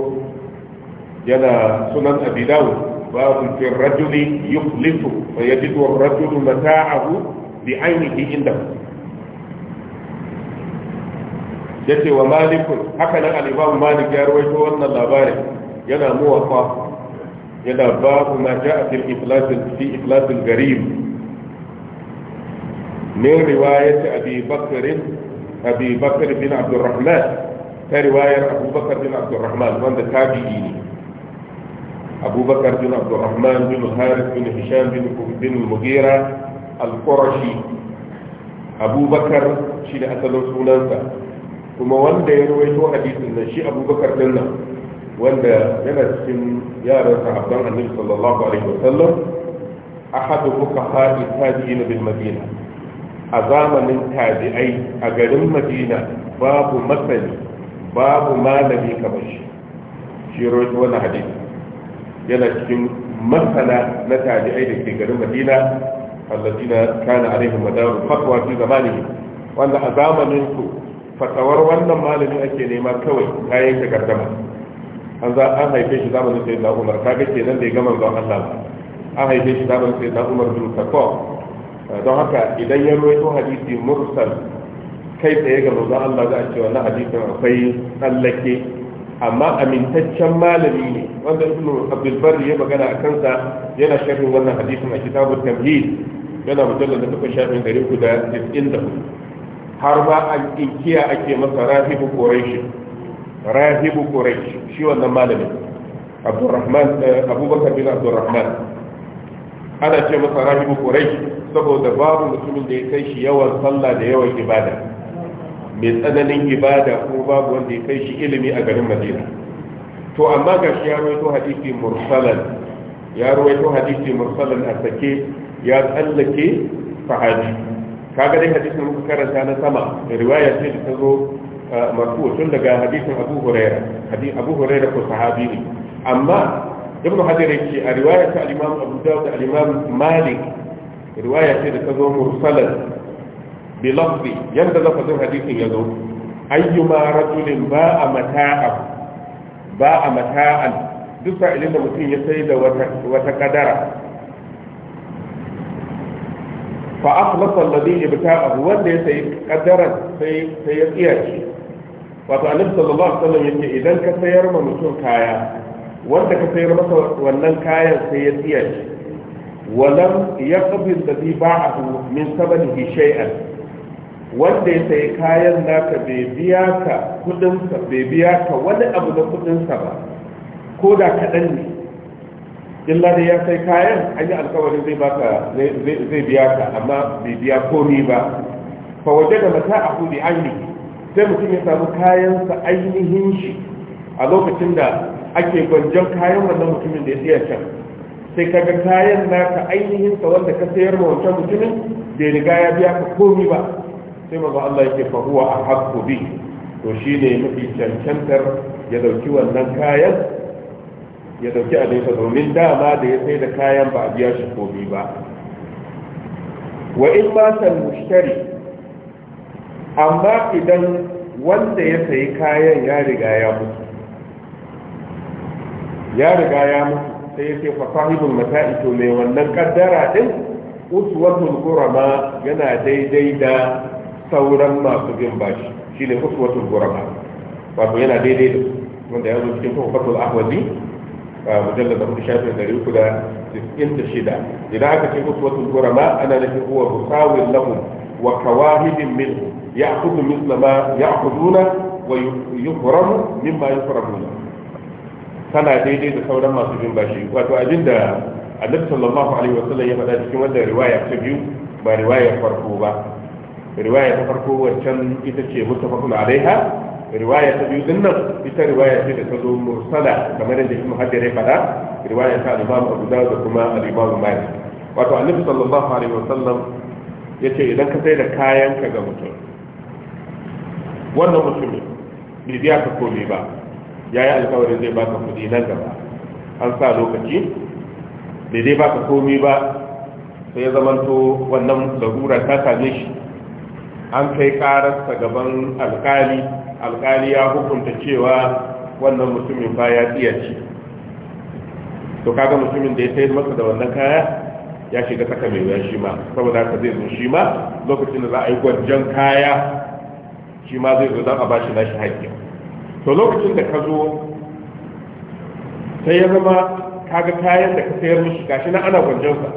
yana sunan abi dawud babu fi rajuli yuflitu wa yajidu ar-rajulu mata'ahu bi aynihi inda. yace wa malikun haka nan al-imam malik ya rawaito wannan labarin yana muwafa yana babu ma ja'a fil iflas fi iflas al-gharib min riwayat abi bakr abi bakr bin abd arrahman ta riwayar abu bakr bin abd arrahman wanda tabi'i ne abu bakr bin abd arrahman bin harith bin hisham bin bin al-mughira al-qurashi abu bakr shi da asalin sunansa kuma wanda ya rawaito hadisin nan shi abubakar din nan wanda yana cikin yaran sahabban annabi sallallahu alaihi wasallam ahadu fuqaha tabi'in bin madina a zamanin tabi'ai a garin madina babu masani babu malami kamar shi shi rawaito wannan hadisi yana cikin masana na tabi'ai da ke garin madina alladina kana alaihim madaru fatwa fi zamani wanda a zamanin su fatawar wannan malami ake nema kawai ta yanke gardama an za an haife shi zamanin sai da umar kaga kenan da ya gama zuwa Allah ba an haife shi zamanin sai da umar bin khattab eh, don haka idan ya rawaito hadisi mursal kai tsaye ga manzon Allah za a ce wannan hadisin akwai tsallake amma amintaccen malami ne wanda ibnu abdul barri ya magana a kansa yana sharhin wannan hadisin a kitabul tamhid yana mujallar da kuka shafin gari guda 94 har ba an inkiya ake masa rahibu quraish rahibu quraish shi wannan malamin abdurrahman abubakar bin abdurrahman ana ce masa rahibu quraish saboda babu mutumin da ya kai shi yawan sallah da yawan ibada mai tsananin ibada ko babu wanda ya kai shi ilimi a garin madina to amma ga shi ya rawaito hadisi mursalan ya rawaito hadisi mursalan a sake ya tsallake sahabi kaga dai hadisin muka karanta na sama riwaya ce ta zo marfu tun daga hadisin abu huraira hadin abu huraira ko sahabi ne amma ibnu a riwaya ta al abu dawud da malik riwaya ce da ta zo mursalan bi lafzi yanda lafazin hadisin ya zo ayyuma rajulin ba a mata'a duk da mutum ya sai da wata kadara fa akhlasa alladhi wanda ya sayi kadaran sai ya wato annabi sallallahu alaihi wasallam yake idan ka sayar ma mutum kaya wanda ka sayar masa wannan kayan sai ya siya shi walam yaqbil ladhi ba'ahu min sababihi shay'an wanda ya sayi kayan naka bai biya ka kudin sa bai biya ka wani abu na kudin sa ba ko da kadan ne illa da ya sai kayan an yi alkawarin zai baka zai biya ka amma bai biya komi ba fa wajada mata'ahu bi ahlihi sai mutum ya samu kayansa ainihin shi a lokacin da ake gwanjan kayan wannan mutumin da ya siya can sai kaga kayan naka ainihin sa wanda ka sayar ma wancan mutumin Da ya riga ya biya ka komi ba sai manzo Allah yake fa huwa ahaqqu bi to ne mafi cancantar ya dauki wannan kayan ya dauki abin sa domin dama da ya sai da kayan ba a biya shi komi ba wa in ba san mushtari amma idan wanda ya sayi kayan ya riga ya mutu ya riga ya mutu sai ya ce fa sahibul mata'i to mai wannan kaddara din uswatul qurama yana daidai da sauran masu bin bashi shine uswatul qurama wato yana daidai da wanda ya zo cikin tuhfatul ahwazi mujallad da shafin dari uku da cikin da shida idan aka ce uswatul qurama ana nufin huwa musawil lahum wa kawahidin minhum ya'khudhu mithla ma ya'khuduna wa yuhramu mimma yuhramuna tana daidai da sauran masu bin wato abinda annabi riwaya ta ba riwaya farko ba riwaya ta farko wancan ita ce mutafakun alaiha riwaya ta biyu din ita riwaya ce ta zo mursala kamar yadda ibnu hajar ya faɗa riwaya ta al-imam abu da kuma al wato yace idan ka da kayan ka ga mutum wannan mutumin bai biya ka komai ba ya yi alkawarin zai baka kuɗi nan gaba an sa lokaci bai dai baka komai ba sai ya zamanto wannan larura ta same shi an kai kararsa gaban alkali alkali ya hukunta cewa wannan mutumin ba ya tsiyaci to kaga mutumin da ya sayar masa da wannan kaya ya shiga saka mai shi ma saboda haka zai zo shi ma lokacin da za a yi gwajen kaya shi ma zai zo don a bashi nashi haƙƙi to lokacin da ka zo sai ya zama kaga kayan da ka sayar mishi gashi na ana gwanjonsa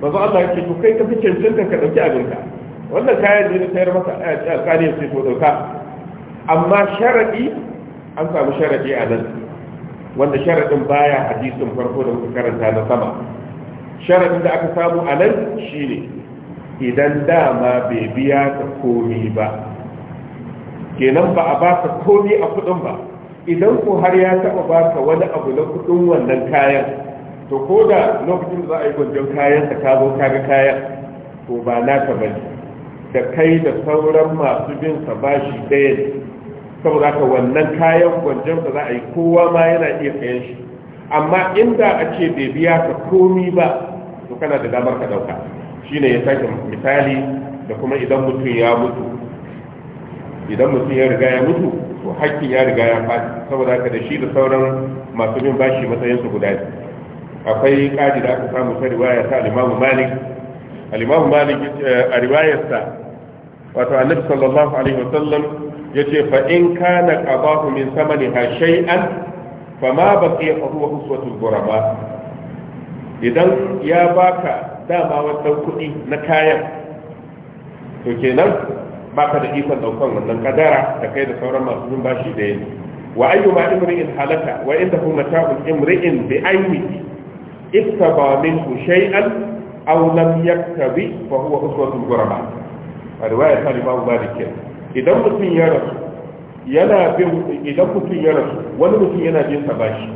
manzo Allah ya ce to kai ka fi cancanta ka ɗauki abinka wannan kayan da ya sayar masa eh, eh, alƙali ya ce to ɗauka amma sharaɗi an samu sharaɗi a nan wanda sharaɗin baya hadisin farko da muka karanta na sama sharaɗin da aka samu a nan shine idan dama bai biya ka komi ba kenan ba a baka komi a kudin ba idan ko har ya taba baka wani abu na kudin wannan kayan to ko da lokacin da za a yi gwajin kayan ka zo ka ga kayan to ba na ka bane da kai da sauran masu bin sa bashi ɗaya ne saboda ka wannan kayan gwajin ka za a yi kowa ma yana iya sayan shi amma inda a ce bai biya ka komi ba to kana da damar ka dauka shine ya sake misali da kuma idan mutum ya mutu idan mutum ya riga ya mutu to hakki ya riga ya faɗi saboda haka da shi da sauran masu bin bashi su guda ne akwai kadi da aka samu ta riwaya ta alimamu malik alimamu malik eh, a riwayarsa wato annabi sallallahu alaihi wasallam ya ce fa in kana qabahu min ha shay'an fa ma baqiya fa huwa uswatul ghuraba idan ya baka dama wannan kuɗi na kayan to kenan ka da ikon daukan wannan kadara da kai da sauran masu yin bashi da yayi wa ayyuma imri'in halaka wa inda indahu mata'un imri'in bi aynihi ittaba minhu shay'an aw lam yaktabi fa huwa uswatul ghuraba riwaya ta Imam Malik idan mutum ya rasu yana bin idan mutum ya rasu wani mutum yana bin sa bashi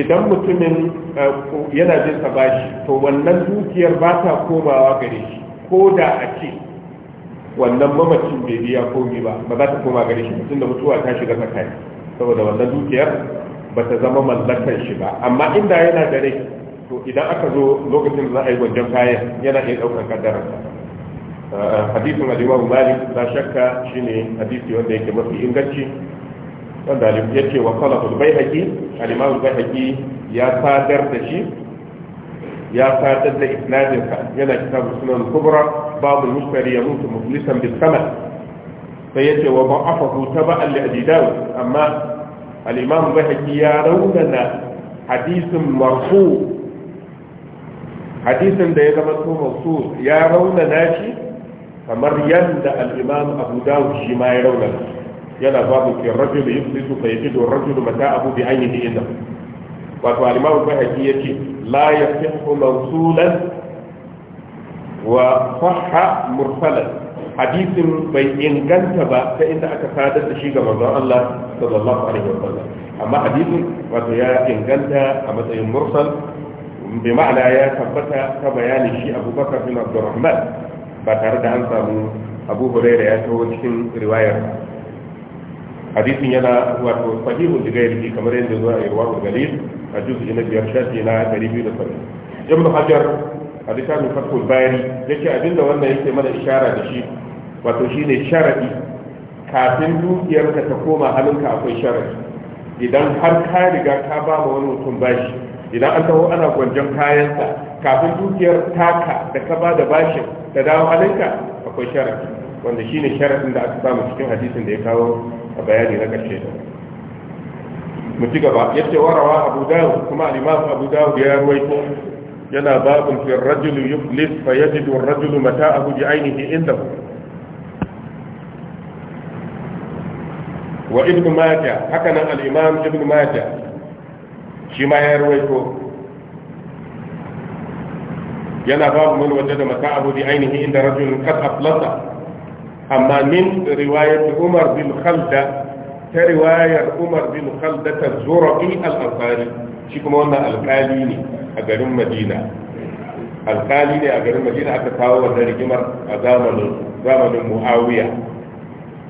idan mutumin eh, yana jin sa bashi to wannan dukiyar ba ta komawa gare shi ko da a ce wannan mamacin bai biya komi ba ba za ta koma gare shi tun da mutuwa ta shiga ta kai saboda wannan dukiyar ba ta zama mallakar shi ba amma inda yana da rai to idan aka zo lokacin da za a yi gwanjon kayan yana iya ɗaukar kaddararsa hadisin alimar malik ba shakka shine hadisi wanda yake mafi inganci wanda ya ce wa salatul haƙi alimar Bai haƙi ya sadar da shi يا فاتد لإسناد يلا كتاب السنن الكبرى بعض المشتري يموت مفلسا بالثمن فيجي وضعفه تبعا لأبي داود أما الإمام بهجي يا رولنا حديث مرفوع حديث ده يزم مرفوع يا رولنا ناشي فمر يند الإمام أبو داود جماع رولنا يلا بعض الرجل يفلس فيجد الرجل متاعه بعينه إنه wato al-imam bahaki yace la yasihu mawsulan wa faha mursalan hadisin bai inganta ba ta inda aka sadar da shi ga manzon Allah sallallahu alaihi sallam amma hadisin wato ya inganta a matsayin mursal bi ma'ana ya tabbata ta bayanin shi abubakar bin abdurrahman ba tare da an samu abu huraira ya taho cikin riwayar hadisin yana wato sahihun da gairi kamar yadda zuwa irwa galil a juz'i na biyar shafi na 270 ibn hajar a littafin fatul bayani ya yake abinda wannan yake mana ishara da shi wato shi shine sharadi kafin dukiyarka ta koma halinka akwai sharadi idan har ka riga ka ba ma wani mutum bashi idan an taho ana gwanjan kayansa kafin dukiyar taka da ka ba da bashin da dawo halinka akwai sharadi wanda shi shine sharadin da aka samu cikin hadisin da ya kawo a bayani na ƙarshe متجبا يتورى أبو داود كما الإمام أبو داود يروي ينا باب في الرجل يفلس فيجد الرجل متاعه بعينه عنده وابن ماجه حكنا الإمام ابن ماجه شما يروي ينا باب من وجد متاعه بعينه عند رجل قد أفلس أما من رواية عمر بن خلده ta riwayar umar bin khaldata zura'i al-ansari shi kuma wannan alkali ne a garin madina alkali ne a garin madina aka kawo wannan rigimar a zamanin zamanin muawiya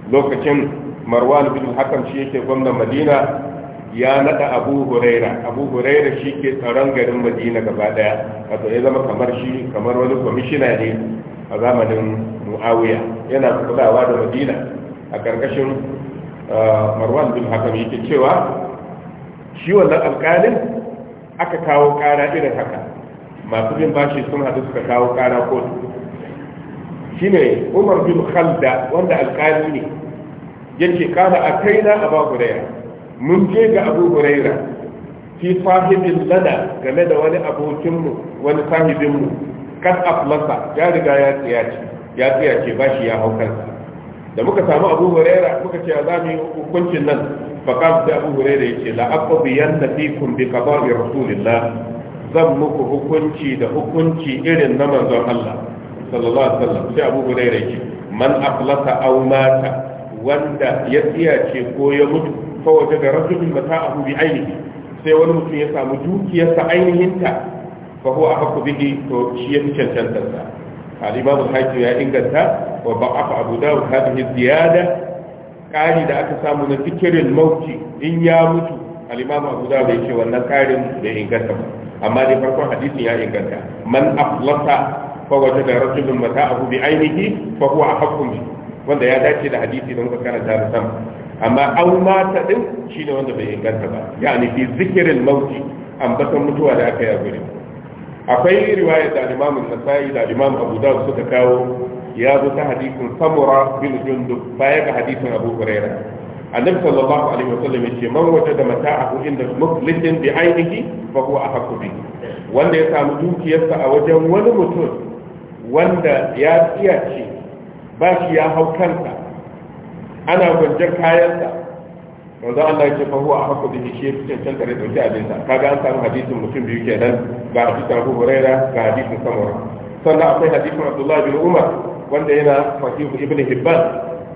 lokacin marwan bin hakan shi yake gwamnan madina ya nada abu huraira abu huraira shi ke tsaron garin madina gaba daya wato ya zama kamar shi kamar wani kwamishina ne a zamanin muawiya yana kulawa da madina a ƙarƙashin marwan bin hakam yake cewa shi wannan alƙalin aka kawo ƙara irin haka masu bin bashi sun hadu suka kawo ƙara kotu ne umar bin khalda wanda alƙali ne yake kada a kaina abu huraira mun je ga abu guraira fi sahibin lana game da wani abokinmu wani sahibinmu kan aflasa ya riga ya tsiyace ya ba bashi ya hau kansa da muka samu abu huraira muka ce za mu yi hukuncin nan faqam da abu huraira yace la aqdiyanna fikum bi qada'i rasulillah zan muku hukunci da hukunci irin na manzon Allah sallallahu alaihi wasallam sai abu huraira yace man aflata aw mata wanda ya tsiyace ko ya mutu fa waje da rajulun mata'ahu bi ainihi sai wani mutum ya samu dukiyarsa ainihinta fa huwa ahqqu bihi to shi ya fi cancantarsa al-imam ya inganta wa ba'afa abu dawud hadhihi ziyada kari da aka samu na fikirin mauti in ya mutu alimamu abu dawud ya ce wannan karin ya inganta ba amma dai farkon hadisin ya inganta man aflasa fa wajada rajulun mata'ahu bi ainihi fa huwa ahqqu bi wanda ya dace da hadisi don ka karanta da sama amma an mata din shine wanda bai inganta ba yani fi zikirin mauti ambatan mutuwa da aka yi a gurin akwai riwayar da limamin nasa'i da limamin abu dawud suka kawo ya zo ta hadisin samura bin jundub baya ga hadisin abu huraira annabi sallallahu alaihi wasallam yace man da mata'ahu inda muflisin bi ainihi fa huwa ahaqqu bi wanda ya samu dukiyarsa a wajen wani mutum wanda ya tsiyace ba shi ya hau kansa ana gwanjar kayansa manzo Allah yake fa huwa haqqu bihi shi cancan tare dauki abin sa kaga an samu hadisin mutum biyu kenan ga hadisin Abu Huraira ga hadisin Samura sannan akwai hadisin Abdullah bin Umar wanda yana sahih Ibn Hibban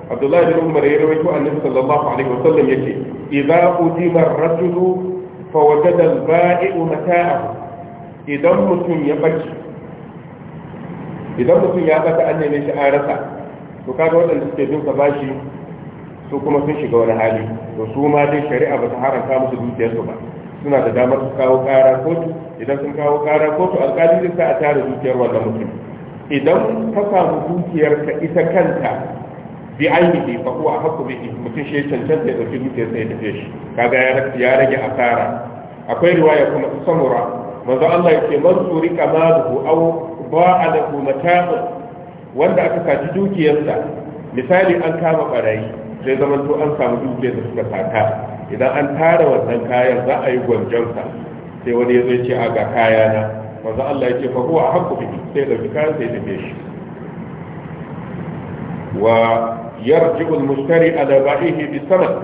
Abdullah bin Umar ya rawaito Annabi sallallahu alaihi wasallam yake idza udima ar-rajulu fa wajada al-ba'i'u mata'ahu idan mutum ya bace idan mutum ya bata an neme shi an rasa to kaga waɗanda suke bin sa bashi su kuma sun shiga wani hali to su ma dai shari'a ba ta haramta musu dukiyarsu ba suna da damar su kawo kara kotu idan sun kawo kara kotu alƙali zai sa a tare dukiyar wannan mutum idan ka samu dukiyar ka ita kanta bi ainihi fa huwa haqqu bihi mutum shi cancanta ya dauki dukiyar sai ya tafi shi kaga ya rage asara akwai riwaya kuma samura manzo Allah yake mansuri kamaluhu aw ba'a lahu mata'u wanda aka kaji dukiyarsa misali an kama barayi sai zama to an samu dukiyar da suka sata idan an tara wannan kayan za a yi gwanjonsa sai wani ya zai ce a ga kaya na Allah Allah ce fa kowa haku bi sai da kayan sai da shi wa yar al-mushtari ala ba'ihi bi saman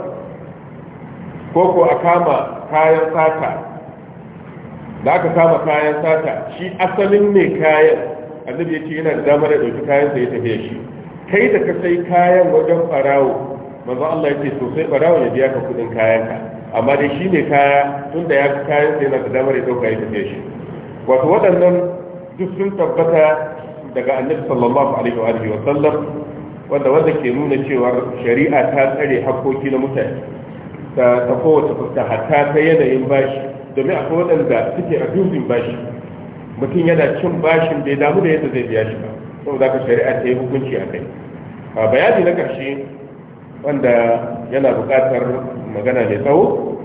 ko ko a kama kayan sata da aka kama kayan sata shi asalin mai kayan annabi ce yana da damar da ɗauki kayan sai da tafi shi kai da ka sai kayan wajen farawo manzo Allah ya ce to sai barawa ya biya ka kudin ka amma dai shi ne kaya tun da ya fi kayan sai na da ya dauka ya tafiye shi wato waɗannan duk sun tabbata daga annabi sallallahu alaihi wa alihi wa sallam wanda wanda ke nuna cewa shari'a ta tsare hakkoki na mutane ta ta kowace fuska hatta ta yanayin bashi domin akwai waɗanda suke a dubin bashi mutum yana cin bashin bai damu da yadda zai biya shi ba saboda ka shari'a ta yi hukunci a kai bayani na ƙarshe wanda yana buƙatar magana mai tsawo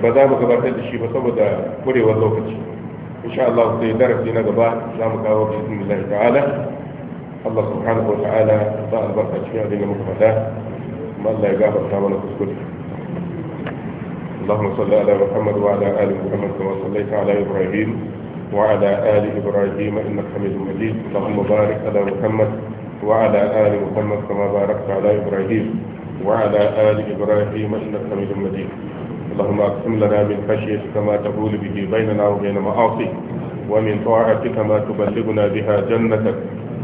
ba za mu gabatar da shi ba saboda kurewar lokaci insha Allah sai darasi na gaba za mu kawo bismillah ta'ala Allah subhanahu wa ta'ala ba albarka cikin abin da muka faɗa kuma Allah ya gafarta mana kuskure اللهم صل على محمد وعلى ال محمد كما صليت على ابراهيم وعلى ال ابراهيم انك حميد مجيد اللهم بارك على محمد وعلى آل محمد كما باركت على إبراهيم وعلى آل إبراهيم إنك حميد مجيد اللهم اقسم لنا من خشيتك ما تقول به بيننا وبين معاصيك ومن طاعتك ما تبلغنا بها جنتك